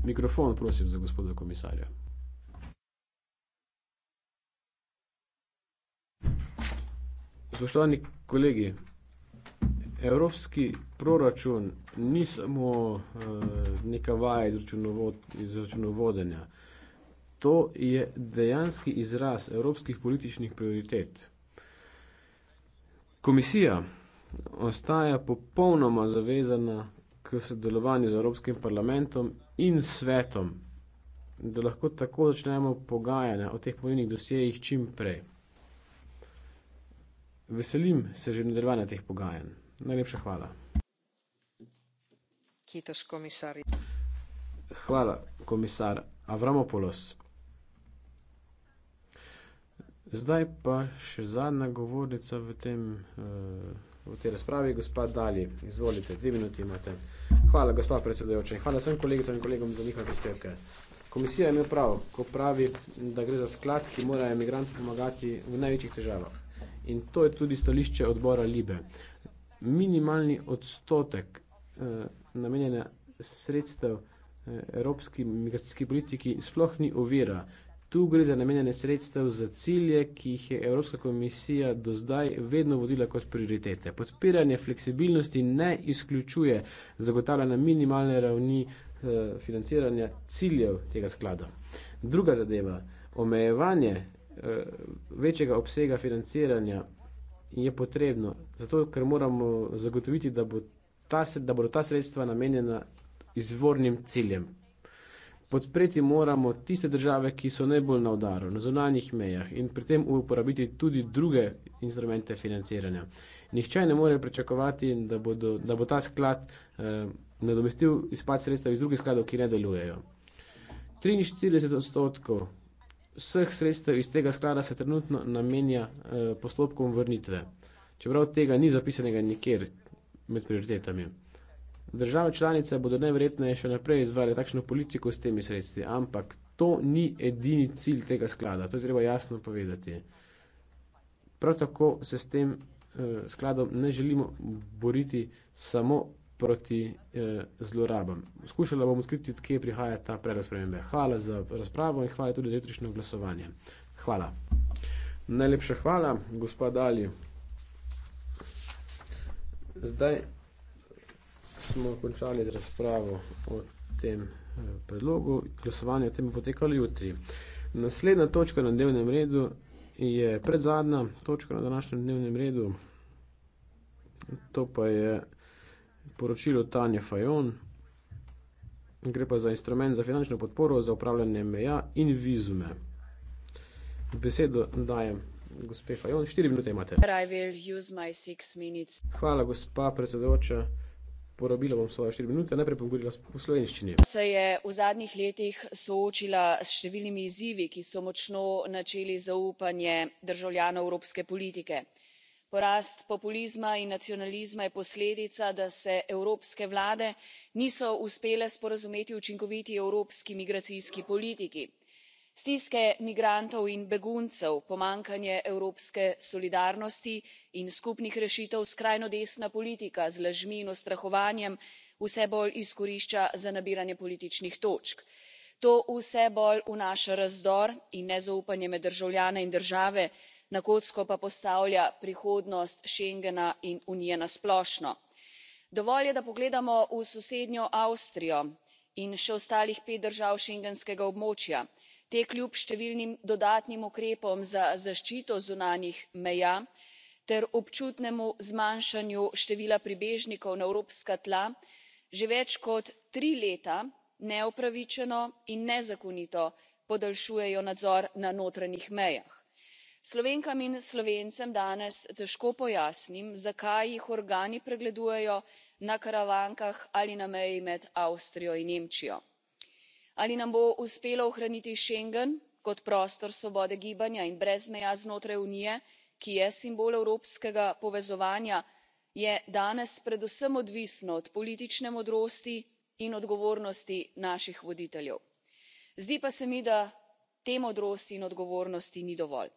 Mikrofon, prosim, za gospoda komisarja. Spoštovani kolegi, evropski proračun ni samo uh, neka vaja izračunovodenja. To je dejanski izraz evropskih političnih prioritet. Komisija ostaja popolnoma zavezana k sodelovanju z Evropskim parlamentom in svetom, da lahko tako začnemo pogajanja o teh pomembnih dosjejih čim prej. Veselim se že nadaljevanja teh pogajanj. Najlepša hvala. Kitos, komisar. Hvala, komisar Avramopoulos. Zdaj pa še zadnja govornica v tem, eh, v tej razpravi, gospa Dali. Izvolite, dve minuti imate. Hvala, gospa predsedujoča. Hvala vsem kolegicam in kolegom za njihove prispevke. Komisija ima prav, ko pravi, da gre za sklad, ki mora imigrantom pomagati v največjih težavah in to je tudi stališče odbora Libe. Minimalni odstotek eh, namenjene sredstev eh, evropski migracijski politiki sploh ni ovira. Tu gre za namenjene sredstev za cilje, ki jih je Evropska komisija do zdaj vedno vodila kot prioritete. Podpiranje fleksibilnosti ne izključuje zagotavljanja minimalne ravni eh, financiranja ciljev tega sklada. Druga zadeva, omejevanje Eh, večjega obsega financiranja je potrebno, zato ker moramo zagotoviti, da, bo ta, da bodo ta sredstva namenjena izvornim ciljem. Podpreti moramo tiste države, ki so najbolj na udaru, na zonanjih mejah in pri tem uporabiti tudi druge instrumente financiranja. Nihče ne more pričakovati, da, bodo, da bo ta sklad eh, nadomestil izpad sredstev iz drugih skladov, ki ne delujejo. 43 odstotkov vseh sredstev iz tega sklada se trenutno namenja eh, postopkom vrnitve. Čeprav tega ni zapisanega nikjer med prioritetami. Države članice bodo najverjetneje še naprej izvajale takšno politiko s temi sredstvi, ampak to ni edini cilj tega sklada, to je treba jasno povedati. Prav tako se s tem eh, skladom ne želimo boriti samo proti eh, zlorabam. Skušala bom odkriti, kje prihaja ta predlog spremembe. Hvala za razpravo in hvala tudi za jutrišnje glasovanje. Hvala. Najlepša hvala, gospod Dali. Zdaj smo končali z razpravo o tem eh, predlogu. Glasovanje o tem bo potekalo jutri. Naslednja točka na dnevnem redu je predzadnja točka na današnjem dnevnem redu. To pa je poročilu Tanja Fajon. Gre pa za instrument za finančno podporo, za upravljanje meja in vizume. Besedo dajem gospe Fajon, štiri minute imate. Hvala, gospa predsedoča. Porabila bom svoje štiri minute, najprej pogovorila v slovenščini. Se je v zadnjih letih soočila s številnimi izzivi, ki so močno načeli zaupanje državljanov evropske politike porast populizma in nacionalizma je posledica da se evropske vlade niso uspele sporazumeti o učinkoviti evropski migracijski politiki. stiske migrantov in beguncev pomanjkanje evropske solidarnosti in skupnih rešitev skrajno desna politika z lažmi in ustrahovanjem vse bolj izkorišča za nabiranje političnih točk. to vse bolj vnaša razdor in nezaupanje med državljane in države na kocko pa postavlja prihodnost schengena in unije na splošno. dovolj je da pogledamo v sosednjo avstrijo in še ostalih pet držav schengenskega območja te kljub številnim dodatnim ukrepom za zaščito zunanjih meja ter občutnemu zmanjšanju števila prebežnikov na evropska tla že več kot tri leta neupravičeno in nezakonito podaljšujejo nadzor na notranjih mejah slovenkam in slovencem danes težko pojasnim zakaj jih organi pregledujejo na karavankah ali na meji med avstrijo in nemčijo ali nam bo uspelo ohraniti schengen kot prostor svobode gibanja in brez meja znotraj unije ki je simbol evropskega povezovanja je danes predvsem odvisno od politične modrosti in odgovornosti naših voditeljev zdi pa se mi da te modrosti in odgovornosti ni dovolj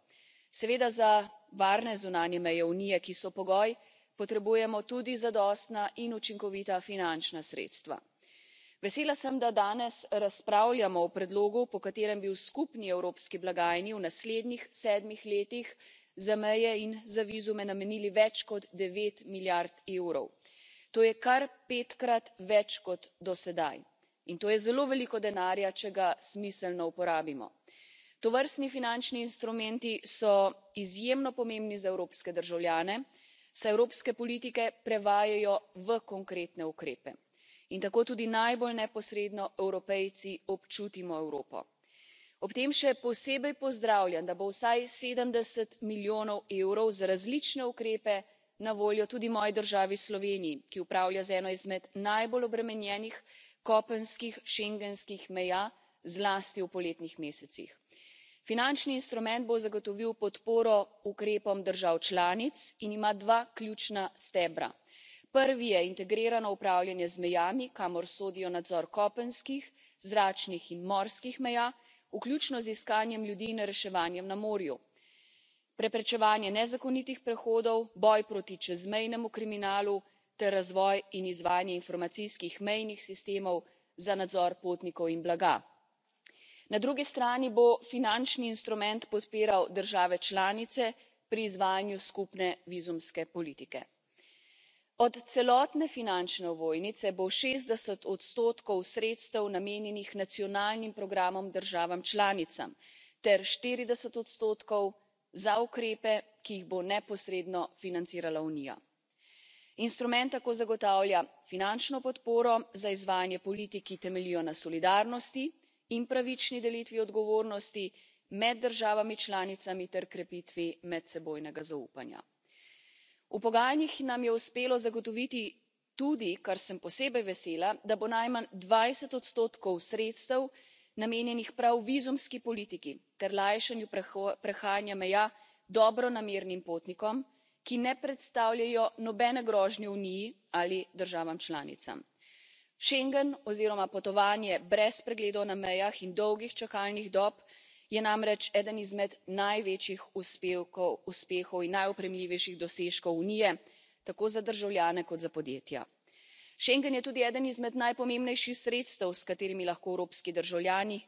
seveda za varne zunanje meje unije ki so pogoj potrebujemo tudi zadostna in učinkovita finančna sredstva. vesela sem da danes razpravljamo o predlogu po katerem bi v skupni evropski blagajni v naslednjih sedmih letih za meje in za vizume namenili več kot devet milijard evrov. to je kar petkrat več kot do sedaj in to je zelo veliko denarja če ga smiselno uporabimo tovrstni finančni instrumenti so izjemno pomembni za evropske državljane saj evropske politike prevajajo v konkretne ukrepe in tako tudi najbolj neposredno evropejci občutimo evropo. ob tem še posebej pozdravljam da bo vsaj sedemdeset milijonov evrov za različne ukrepe na voljo tudi moji državi sloveniji ki upravlja z eno izmed najbolj obremenjenih kopenskih schengenskih meja zlasti v poletnih mesecih finančni instrument bo zagotovil podporo ukrepom držav članic in ima dva ključna stebra prvi je integrirano upravljanje z mejami kamor sodijo nadzor kopenskih zračnih in morskih meja vključno z iskanjem ljudi in reševanjem na morju preprečevanje nezakonitih prehodov boj proti čezmejnemu kriminalu ter razvoj in izvajanje informacijskih mejnih sistemov za nadzor potnikov in blaga na drugi strani bo finančni instrument podpiral države članice pri izvajanju skupne vizumske politike. od celotne finančne ovojnice bo šestdeset odstotkov sredstev namenjenih nacionalnim programom državam članicam ter štirideset odstotkov za ukrepe ki jih bo neposredno financirala unija. instrument tako zagotavlja finančno podporo za izvajanje politik ki temeljijo na solidarnosti in pravični delitvi odgovornosti med državami članicami ter krepitvi medsebojnega zaupanja. v pogajanjih nam je uspelo zagotoviti tudi kar sem posebej vesela da bo najmanj dvajset odstotkov sredstev namenjenih prav vizumski politiki ter lajšanju prehajanja meja dobronamernim potnikom ki ne predstavljajo nobene grožnje uniji ali državam članicam schengen oziroma potovanje brez pregledov na mejah in dolgih čakalnih dob je namreč eden izmed največjih uspehov in najoprijemljivejših dosežkov unije tako za državljane kot za podjetja. schengen je tudi eden izmed najpomembnejših sredstev s katerimi lahko evropski državljani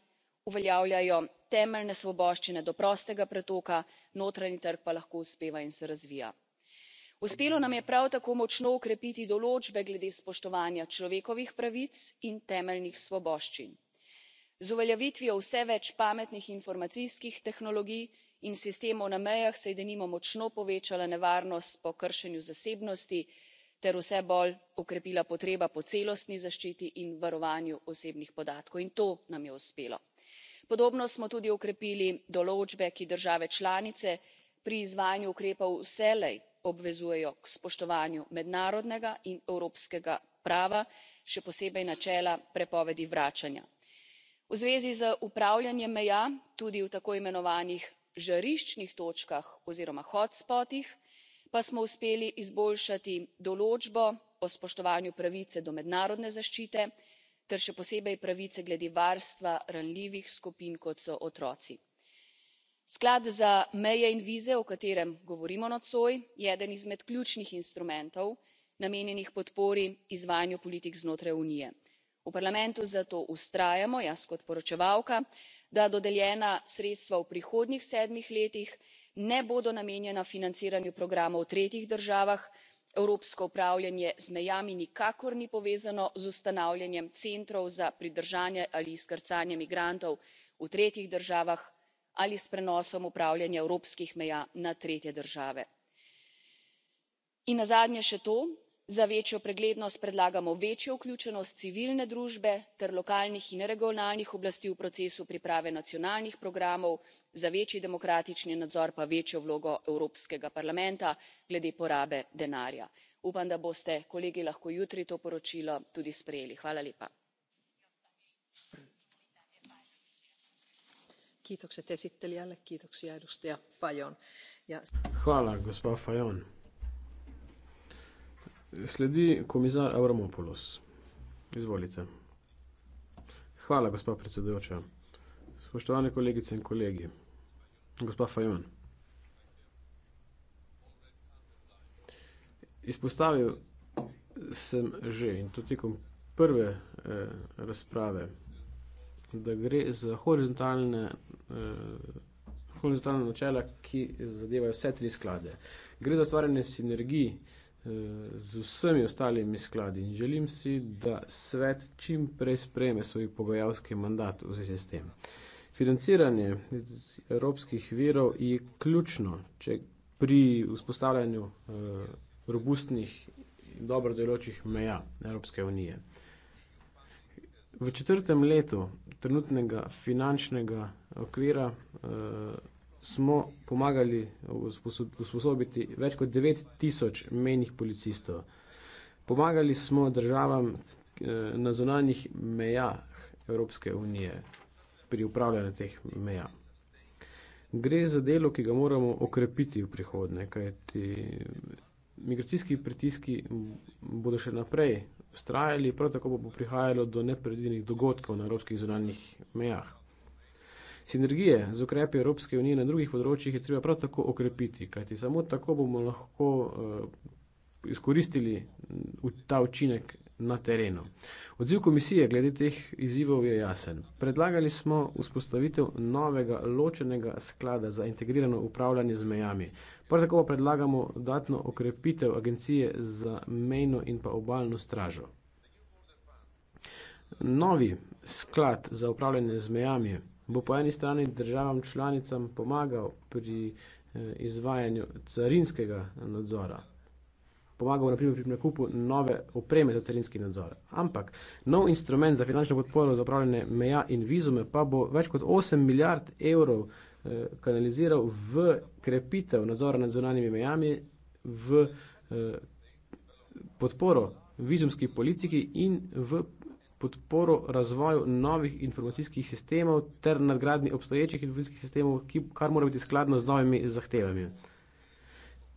uveljavljajo temeljne svoboščine do prostega pretoka notranji trg pa lahko uspeva in se razvija uspelo nam je prav tako močno okrepiti določbe glede spoštovanja človekovih pravic in temeljnih svoboščin. z uveljavitvijo vse več pametnih informacijskih tehnologij in sistemov na mejah se je denimo močno povečala nevarnost po kršenju zasebnosti ter vse bolj okrepila potreba po celostni zaščiti in varovanju osebnih podatkov in to nam je uspelo. podobno smo tudi okrepili določbe ki države članice pri izvajanju ukrepov vselej obvezujejo k spoštovanju mednarodnega in evropskega prava še posebej načela prepovedi vračanja. v zvezi z upravljanjem meja tudi v tako imenovanih žariščnih točkah oziroma hotspotih pa smo uspeli izboljšati določbo o spoštovanju pravice do mednarodne zaščite ter še posebej pravice glede varstva ranljivih skupin kot so otroci sklad za meje in vize o katerem govorimo nocoj je eden izmed ključnih instrumentov namenjenih podpori izvajanju politik znotraj unije. v parlamentu zato vztrajamo jaz kot poročevalka da dodeljena sredstva v prihodnjih sedmih letih ne bodo namenjena financiranju programov v tretjih državah evropsko upravljanje z mejami nikakor ni povezano z ustanavljanjem centrov za pridržanje ali izkrcanje migrantov v tretjih državah ali s prenosom upravljanja evropskih meja na tretje države. in nazadnje še to za večjo preglednost predlagamo večjo vključenost civilne družbe ter lokalnih in regionalnih oblasti v procesu priprave nacionalnih programov za večji demokratični nadzor pa večjo vlogo evropskega parlamenta glede porabe denarja. upam da boste kolegi lahko jutri to poročilo tudi sprejeli. Ja Hvala, gospa Fajon. Sledi komisar Avramopoulos. Izvolite. Hvala, gospa predsedujoča. Spoštovane kolegice in kolegi. Gospa Fajon. Izpostavil sem že in to tekom prve, eh, razprave, da gre za horizontalne eh, horizontalna načela, ki zadevajo vse tri sklade. Gre za ustvarjanje sinergij eh, z vsemi ostalimi skladi in želim si, da svet čim prej spreme svoj pogajalski mandat v zvezi s tem. Financiranje iz evropskih virov je ključno, če pri vzpostavljanju eh, robustnih in dobro deločih meja Evropske unije. V četrtem letu trenutnega finančnega okvira uh, smo pomagali usposobiti več kot 9000 menih policistov. Pomagali smo državam uh, na zonanjih mejah Evropske unije pri upravljanju teh meja. Gre za delo, ki ga moramo okrepiti v prihodne, kajti migracijski pritiski bodo še naprej vztrajali, prav tako bo prihajalo do nepredvidenih dogodkov na evropskih zunanjih mejah sinergije z ukrepi Evropske unije na drugih področjih je treba prav tako okrepiti, kajti samo tako bomo lahko uh, izkoristili mm, ta učinek na terenu. Odziv komisije glede teh izzivov je jasen. Predlagali smo vzpostavitev novega ločenega sklada za integrirano upravljanje z mejami. Prav tako predlagamo dodatno okrepitev agencije za mejno in pa obaljno stražo. Novi sklad za upravljanje z mejami bo po eni strani državam članicam pomagal pri eh, izvajanju carinskega nadzora. Pomagal bo naprimer pri nakupu nove opreme za carinski nadzor. Ampak nov instrument za finančno podporo za upravljanje meja in vizume pa bo več kot 8 milijard evrov eh, kanaliziral v krepitev nadzora nad zunanjimi mejami, v eh, podporo vizumski politiki in v podporo razvoju novih informacijskih sistemov ter nadgradnji obstoječih informacijskih sistemov, ki, kar mora biti skladno z novimi zahtevami.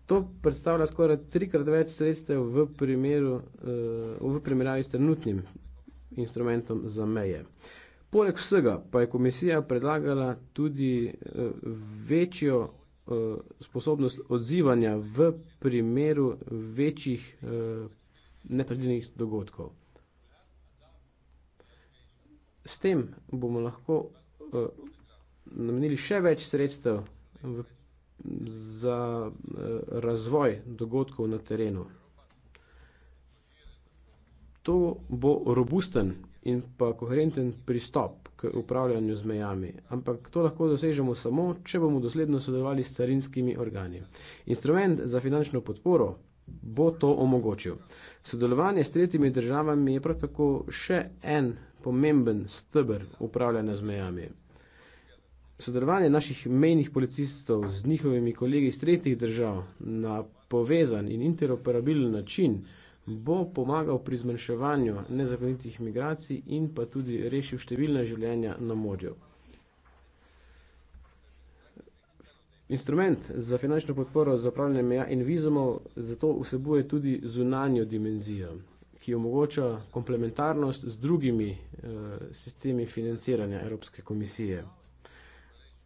To predstavlja skoraj trikrat več sredstev v, primeru, eh, v primerjavi s trenutnim instrumentom za meje. Poleg vsega pa je komisija predlagala tudi eh, večjo eh, sposobnost odzivanja v primeru večjih nepredvidenih dogodkov s tem bomo lahko uh, namenili še več sredstev v, za uh, razvoj dogodkov na terenu. To bo robusten in pa koherenten pristop k upravljanju z mejami, ampak to lahko dosežemo samo, če bomo dosledno sodelovali s carinskimi organi. Instrument za finančno podporo bo to omogočil. Sodelovanje s tretjimi državami je prav tako še en pomemben stebr upravljanja z mejami. Sodelovanje naših mejnih policistov z njihovimi kolegi iz tretjih držav na povezan in interoperabilen način bo pomagal pri zmanjševanju nezakonitih migracij in pa tudi rešil številna življenja na morju. Instrument za finančno podporo za upravljanje meja in vizumov zato vsebuje tudi zunanjo dimenzijo ki omogoča komplementarnost z drugimi eh, sistemi financiranja Evropske komisije.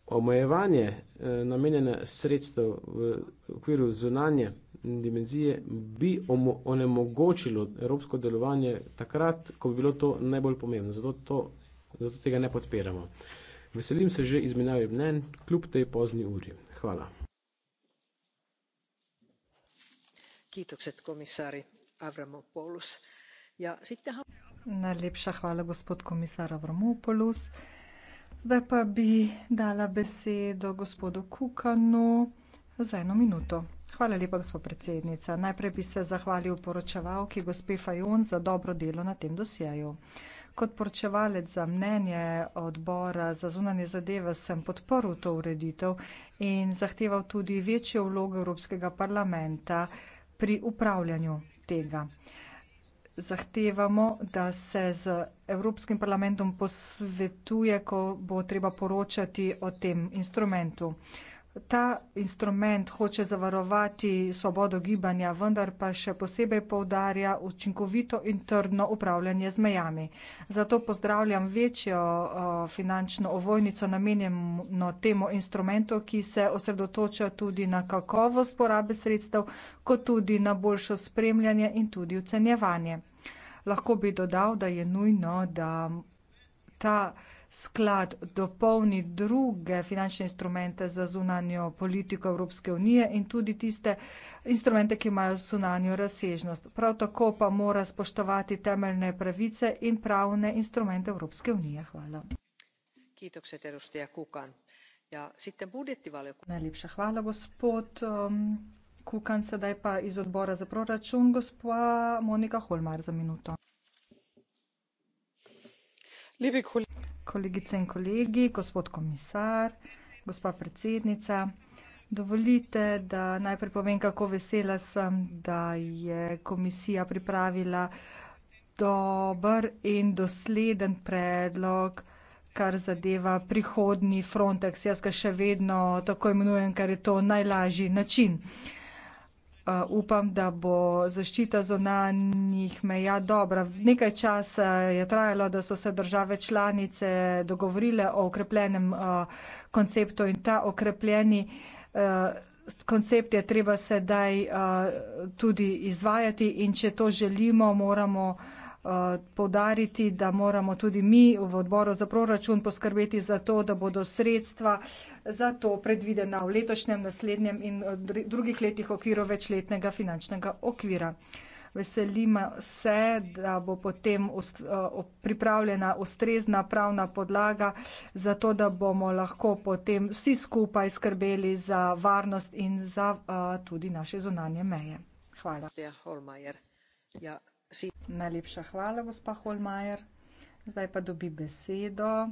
Omejevanje eh, namenjene sredstev v okviru zunanje dimenzije bi onemogočilo evropsko delovanje takrat, ko bi bilo to najbolj pomembno. Zato, to, zato tega ne podpiramo. Veselim se že izmenjave mnen, kljub tej pozni uri. Hvala. Kiitokset komissaari Ja, Najlepša hvala, gospod komisar Avramopoulos. Zdaj pa bi dala besedo gospodu Kukanu za eno minuto. Hvala lepa, gospa predsednica. Najprej bi se zahvalil poročevalki, gospe Fajon, za dobro delo na tem dosjeju. Kot poročevalec za mnenje odbora za zunanje zadeve sem podporil to ureditev in zahteval tudi večjo vlogo Evropskega parlamenta pri upravljanju tega. Zahtevamo, da se z Evropskim parlamentom posvetuje, ko bo treba poročati o tem instrumentu ta instrument hoče zavarovati svobodo gibanja, vendar pa še posebej povdarja učinkovito in trdno upravljanje z mejami. Zato pozdravljam večjo finančno ovojnico namenjeno temu instrumentu, ki se osredotoča tudi na kakovost porabe sredstev, kot tudi na boljšo spremljanje in tudi ocenjevanje. Lahko bi dodal, da je nujno, da ta instrument sklad dopolni druge finančne instrumente za zunanjo politiko Evropske unije in tudi tiste instrumente, ki imajo zunanjo razsežnost. Prav tako pa mora spoštovati temeljne pravice in pravne instrumente Evropske unije. Hvala. Ja, Najlepša hvala, gospod um, Kukan. Sedaj pa iz odbora za proračun gospa Monika Holmar za minuto kolegice in kolegi, gospod komisar, gospa predsednica. Dovolite, da najprej povem, kako vesela sem, da je komisija pripravila dober in dosleden predlog, kar zadeva prihodni Frontex. Jaz ga še vedno tako imenujem, ker je to najlažji način. Uh, upam, da bo zaščita zonanjih meja dobra. Nekaj časa je trajalo, da so se države članice dogovorile o okrepljenem konceptu in ta okrepljeni koncept je treba sedaj tudi izvajati in če to želimo, moramo. Eh, poudariti, da moramo tudi mi v odboru za proračun poskrbeti za to, da bodo sredstva za to predvidena v letošnjem, naslednjem in eh, drugih letih okviru večletnega finančnega okvira. Veselimo se, da bo potem ust, eh, pripravljena ustrezna pravna podlaga za to, da bomo lahko potem vsi skupaj skrbeli za varnost in za, tudi naše zunanje meje. Hvala. Ja, Najlepša hvala, gospa Holmajer. Zdaj pa dobi besedo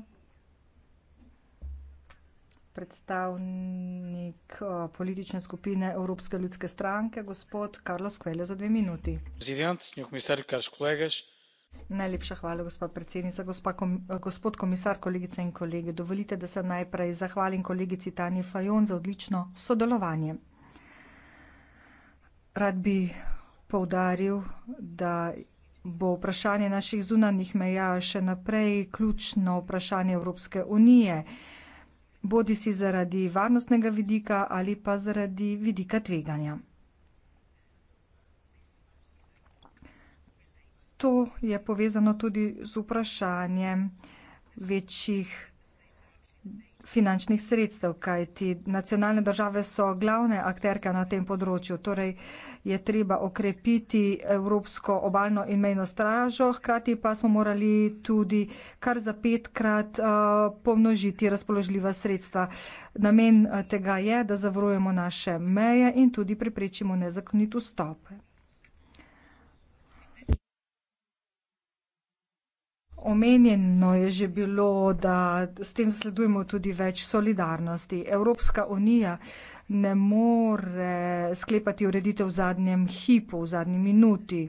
predstavnik politične skupine Evropske ljudske stranke, gospod Carlos Kvelo za dve minuti. Najlepša hvala, gospa predsednica, gospa kom, gospod komisar, kolegice in kolege. Dovolite, da se najprej zahvalim kolegici Tani Fajon za odlično sodelovanje. Rad bi uh, poudaril, da bo vprašanje naših zunanjih meja še naprej ključno vprašanje Evropske unije, bodi si zaradi varnostnega vidika ali pa zaradi vidika tveganja. To je povezano tudi z vprašanjem večjih finančnih sredstev, kajti nacionalne države so glavne akterke na tem področju, torej je treba okrepiti Evropsko obalno in mejno stražo, hkrati pa smo morali tudi kar za petkrat uh, pomnožiti razpoložljiva sredstva. Namen eh, tega je, da zavrujemo naše meje in tudi preprečimo nezakonit vstop. omenjeno je že bilo, da s tem sledujemo tudi več solidarnosti. Evropska unija ne more sklepati ureditev v zadnjem hipu, v zadnji minuti.